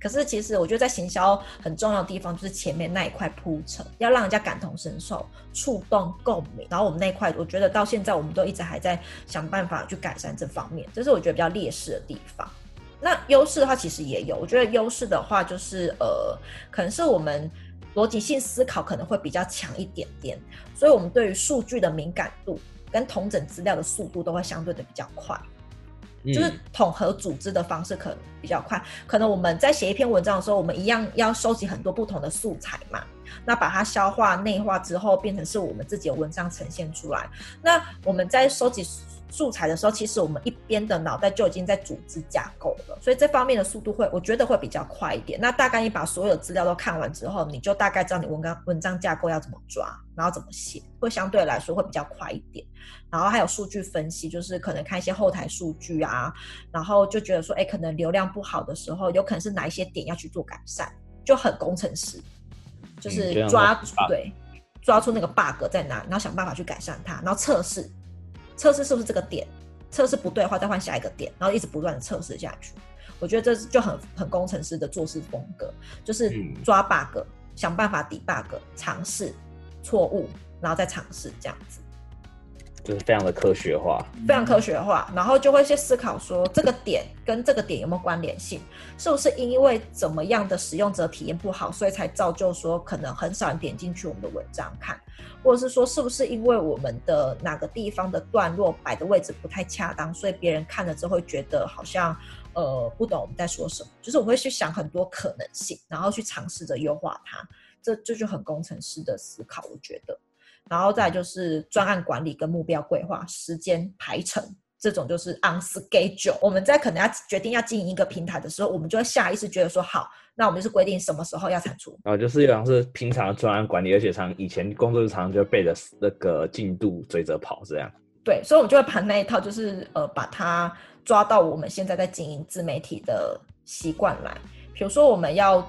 可是其實我覺得在行銷很重要的地方，就是前面那一塊鋪陳，要讓人家感同身受、觸動、共鳴。然後我們那一塊，我覺得到現在我們都一直還在想辦法去改善這方面，這是我覺得比較劣勢的地方。那優勢的話，其實也有。我覺得優勢的話，就是呃，可能是我們邏輯性思考可能會比較強一點點，所以我們對於數據的敏感度跟統整資料的速度都會相對的比較快。就是統合組織的方式可能比較快，可能我們在寫一篇文章的時候，我們一樣要收集很多不同的素材嘛，那把它消化內化之後，變成是我們自己的文章呈現出來。那我們在收集素材的時候，其實我們一邊的腦袋就已經在組織架構了，所以這方面的速度會，我覺得會比較快一點。那大概你把所有資料都看完之後，你就大概知道你文章、文章架構要怎麼抓，然後怎麼寫，會相對來說會比較快一點。然後還有數據分析，就是可能看一些後台數據啊，然後就覺得說，誒，可能流量不好的時候，有可能是哪一些點要去做改善，就很工程師，就是抓、嗯、對，抓住那個 bug 在哪，然後想辦法去改善它，然後測試。測試是不是這個點？測試不對的話，再換下一個點，然後一直不斷的測試下去。我覺得這就很很工程師的做事風格，就是抓 bug，想辦法 debug，嘗試錯誤，然後再嘗試這樣子。就是非常的科學化。嗯，非常科學化，然後就會去思考說，這個點跟這個點有沒有關聯性，是不是因為怎麼樣的使用者體驗不好，所以才造就說可能很少人點進去我們的文章看，或者是說是不是因為我們的哪個地方的段落擺的位置不太恰當，所以別人看了之後會覺得好像呃不懂我們在說什麼，就是我會去想很多可能性，然後去嘗試着優化它，這這就很工程師的思考，我覺得。然後再就是專案管理跟目標規劃、時間排程，這種就是 on schedule。我們在可能要決定要經營一個平台的時候，我們就會下意識覺得說，好，那我們就是規定什麼時候要產出。然、哦、就是一像是平常的專案管理，而且常、常以前工作日常、常就背着那個進度追着跑這樣。對，所以我們就會把那一套，就是呃，把它抓到我們現在在經營自媒體的習慣來，比如說我們要。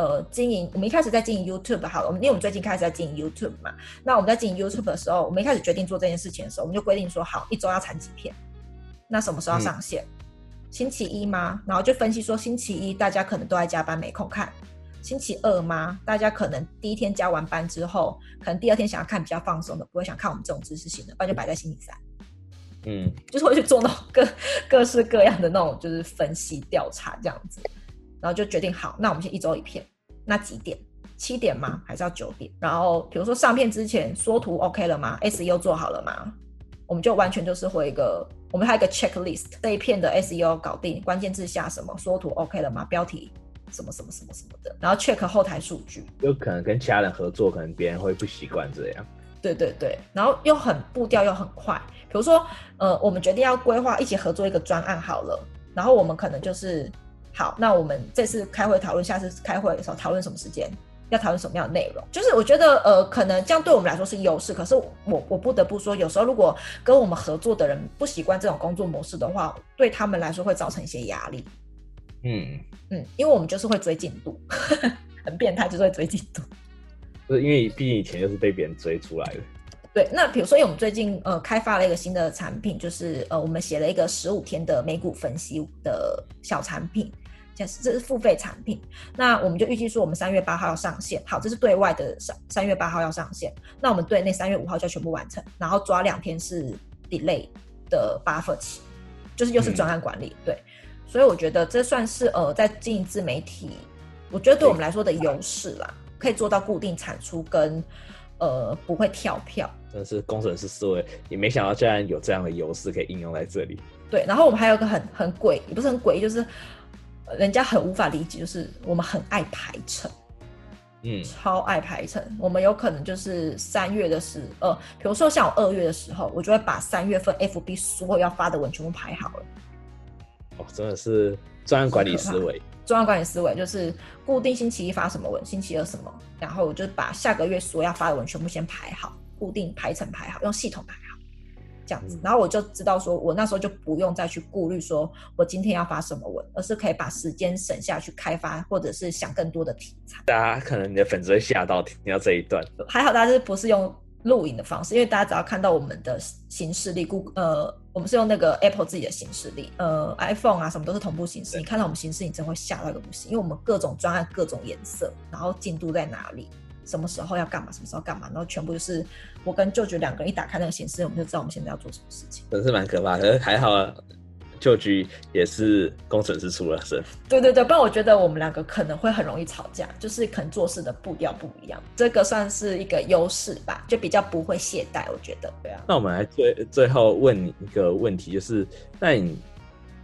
呃，經營我們一開始在經營 YouTube，好了，我們因為我們最近開始在經營 YouTube 嘛，那我們在經營 YouTube 的時候，我們一開始決定做這件事情的時候，我們就規定說，好，一周要產幾片，那什麼時候要上線？嗯。星期一嗎？然後就分析說，星期一大家可能都在加班，沒空看；星期二嗎？大家可能第一天加完班之後，可能第二天想要看比較放鬆的，不會想看我們這種知識型的，不然就擺在星期三。嗯，就是會去做那種各各式各樣的那種，就是分析調查這樣子，然後就決定好，那我們先一周一片。那幾點？七點嗎？還是要九點？然後比如說上片之前，縮圖 OK 了嗎？SEO 做好了嗎？我們就完全就是回一個，我們還有一個 checklist，這一片的 SEO 搞定，關鍵字下什麼，縮圖 OK 了嗎？標題什麼什麼什麼什麼的，然後 check 後台數據。有可能跟其他人合作，可能別人會不習慣這樣。對對對，然後又很步調又很快，比如說呃，我們決定要規劃一起合作一個專案好了，然後我們可能就是。好，那我們這次開會討論，下次開會的時候討論什麼時間，要討論什麼樣的內容？就是我覺得，呃，可能這樣對我們來說是優勢，可是我我不得不說，有時候如果跟我們合作的人不習慣這種工作模式的話，對他們來說會造成一些壓力。嗯嗯，因為我們就是會追進度， 很變態，就是會追進度。是因為畢竟以前就是被別人追出來的。對，那比如說因為，我們最近呃開發了一個新的產品，就是呃我們寫了一個十五天的美股分析的小產品，這是這是付費產品。那我們就預計說我們三月八號要上線，好，這是對外的上，三月八號要上線。那我們對內三月五號就要全部完成，然後抓兩天是 delay 的 buffer 期，就是又是專案管理、嗯。對，所以我覺得這算是呃在經營自媒體，我覺得對我們來說的優勢啦、嗯，可以做到固定產出跟呃不會跳票。真的是工程師思維，也沒想到竟然有這樣的優勢可以應用在這裡。對，然後我們還有一個很很詭，也不是很詭異，就是人家很無法理解，就是我們很愛排程，嗯，超愛排程。我們有可能就是三月的時，呃，比如說像我二月的時候，我就會把三月份 FB 所有要發的文全部排好了。哦，真的是專案管理思維。專案管理思維就是固定星期一發什麼文，星期二什麼，然後我就把下個月所要發的文全部先排好。固定排程排好，用系統排好，這樣子，然後我就知道說，說我那時候就不用再去顧慮說我今天要發什麼文，而是可以把時間省下去開發，或者是想更多的題材。大家可能你的粉絲會嚇到聽到這一段，還好大家是不是用錄影的方式？因為大家只要看到我們的行事曆，顧呃，我們是用那個 Apple 自己的行事曆，呃，iPhone 啊什麼都是同步行事曆，你看到我們行事曆你真會嚇到一個不行，因為我們各種專案、各種顏色，然後進度在哪裡？什麼時候要幹嘛？什麼時候幹嘛？然後全部就是我跟舅舅兩個人一打開那個顯示，我們就知道我們現在要做什麼事情。真是蠻可怕的，可是還好啊。舅舅也是工程師出身。對對對，不然我覺得我們兩個可能會很容易吵架，就是可能做事的步調不一樣。這個算是一個優勢吧，就比較不會懈怠，我覺得。對啊。那我們來最最後問你一個問題，就是那你？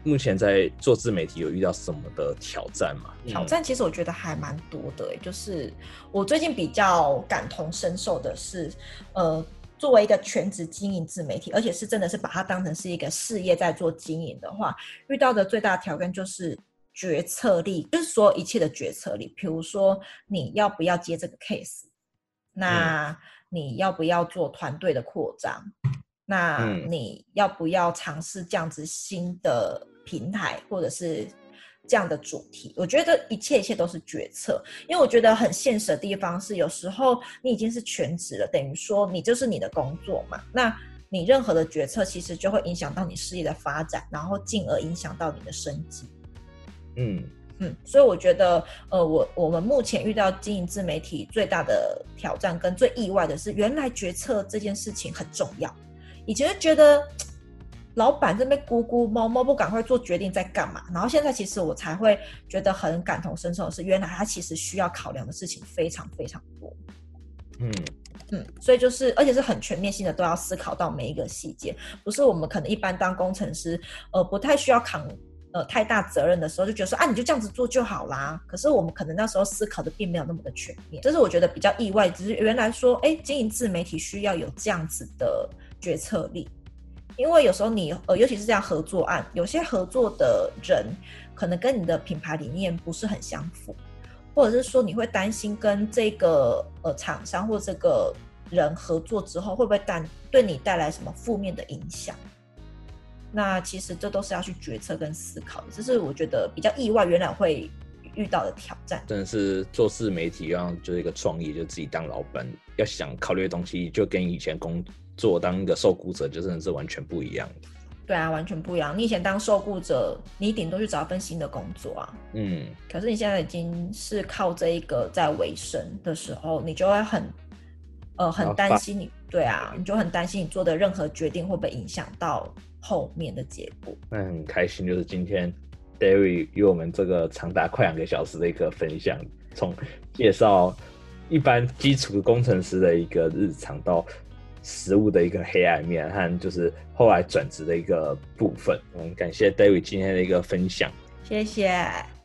目前在做自媒體有遇到什麼的挑戰嗎？嗯、挑戰其實我覺得還蠻多的、欸，就是我最近比較感同身受的是，呃，作為一個全職經營自媒體，而且是真的是把它當成是一個事業在做經營的話，遇到的最大挑戰就是決策力，就是說一切的決策力，比如說你要不要接這個 case，那你要不要做團隊的擴張，那你要不要嘗試這樣子新的。平台或者是這樣的主題，我覺得一切一切都是決策。因為我覺得很現實的地方是，有時候你已經是全職了，等於說你就是你的工作嘛。那你任何的決策，其實就會影響到你事業的發展，然後進而影響到你的升級。嗯嗯，所以我覺得，呃，我我們目前遇到經營自媒體最大的挑戰跟最意外的是，原來決策這件事情很重要。以前覺得，老闆在那邊龜龜毛毛，不趕快做決定在幹嘛？然後現在其實我才會覺得很感同身受，是原來他其實需要考量的事情非常非常多。嗯嗯，所以就是而且是很全面性的，都要思考到每一個細節，不是我們可能一般當工程師，呃，不太需要扛呃太大責任的時候，就覺得說啊你就這樣子做就好啦。可是我們可能那時候思考的並沒有那麼的全面，這是我覺得比較意外，只是原來說欸，經營自媒體需要有這樣子的決策力。因為有時候你呃，尤其是這樣合作案，有些合作的人可能跟你的品牌理念不是很相符，或者是說你會擔心跟這個呃廠商或這個人合作之後，會不會帶對你帶來什麼負面的影響？那其實這都是要去決策跟思考的，這是我覺得比較意外，原來會遇到的挑戰。真的是做自媒體一樣，就是一個創業，就自己當老板，要想考慮的東西就跟以前工作。做當一個受雇者，就真的是完全不一樣的。對啊，完全不一樣。你以前當受雇者，你頂多去找份新的工作啊。嗯。可是你現在已經是靠這一個在維生的時候，你就會很，呃，很擔心你。對啊，你就很擔心你做的任何決定會不會影響到後面的結果。那很開心，就是今天，Derry 與我們這個長達快兩個小時的一個分享，從介紹一般基礎工程師的一個日常到。食物的一個黑暗面，和就是後來轉職的一個部分。嗯，感謝 David 今天的一個分享，謝謝。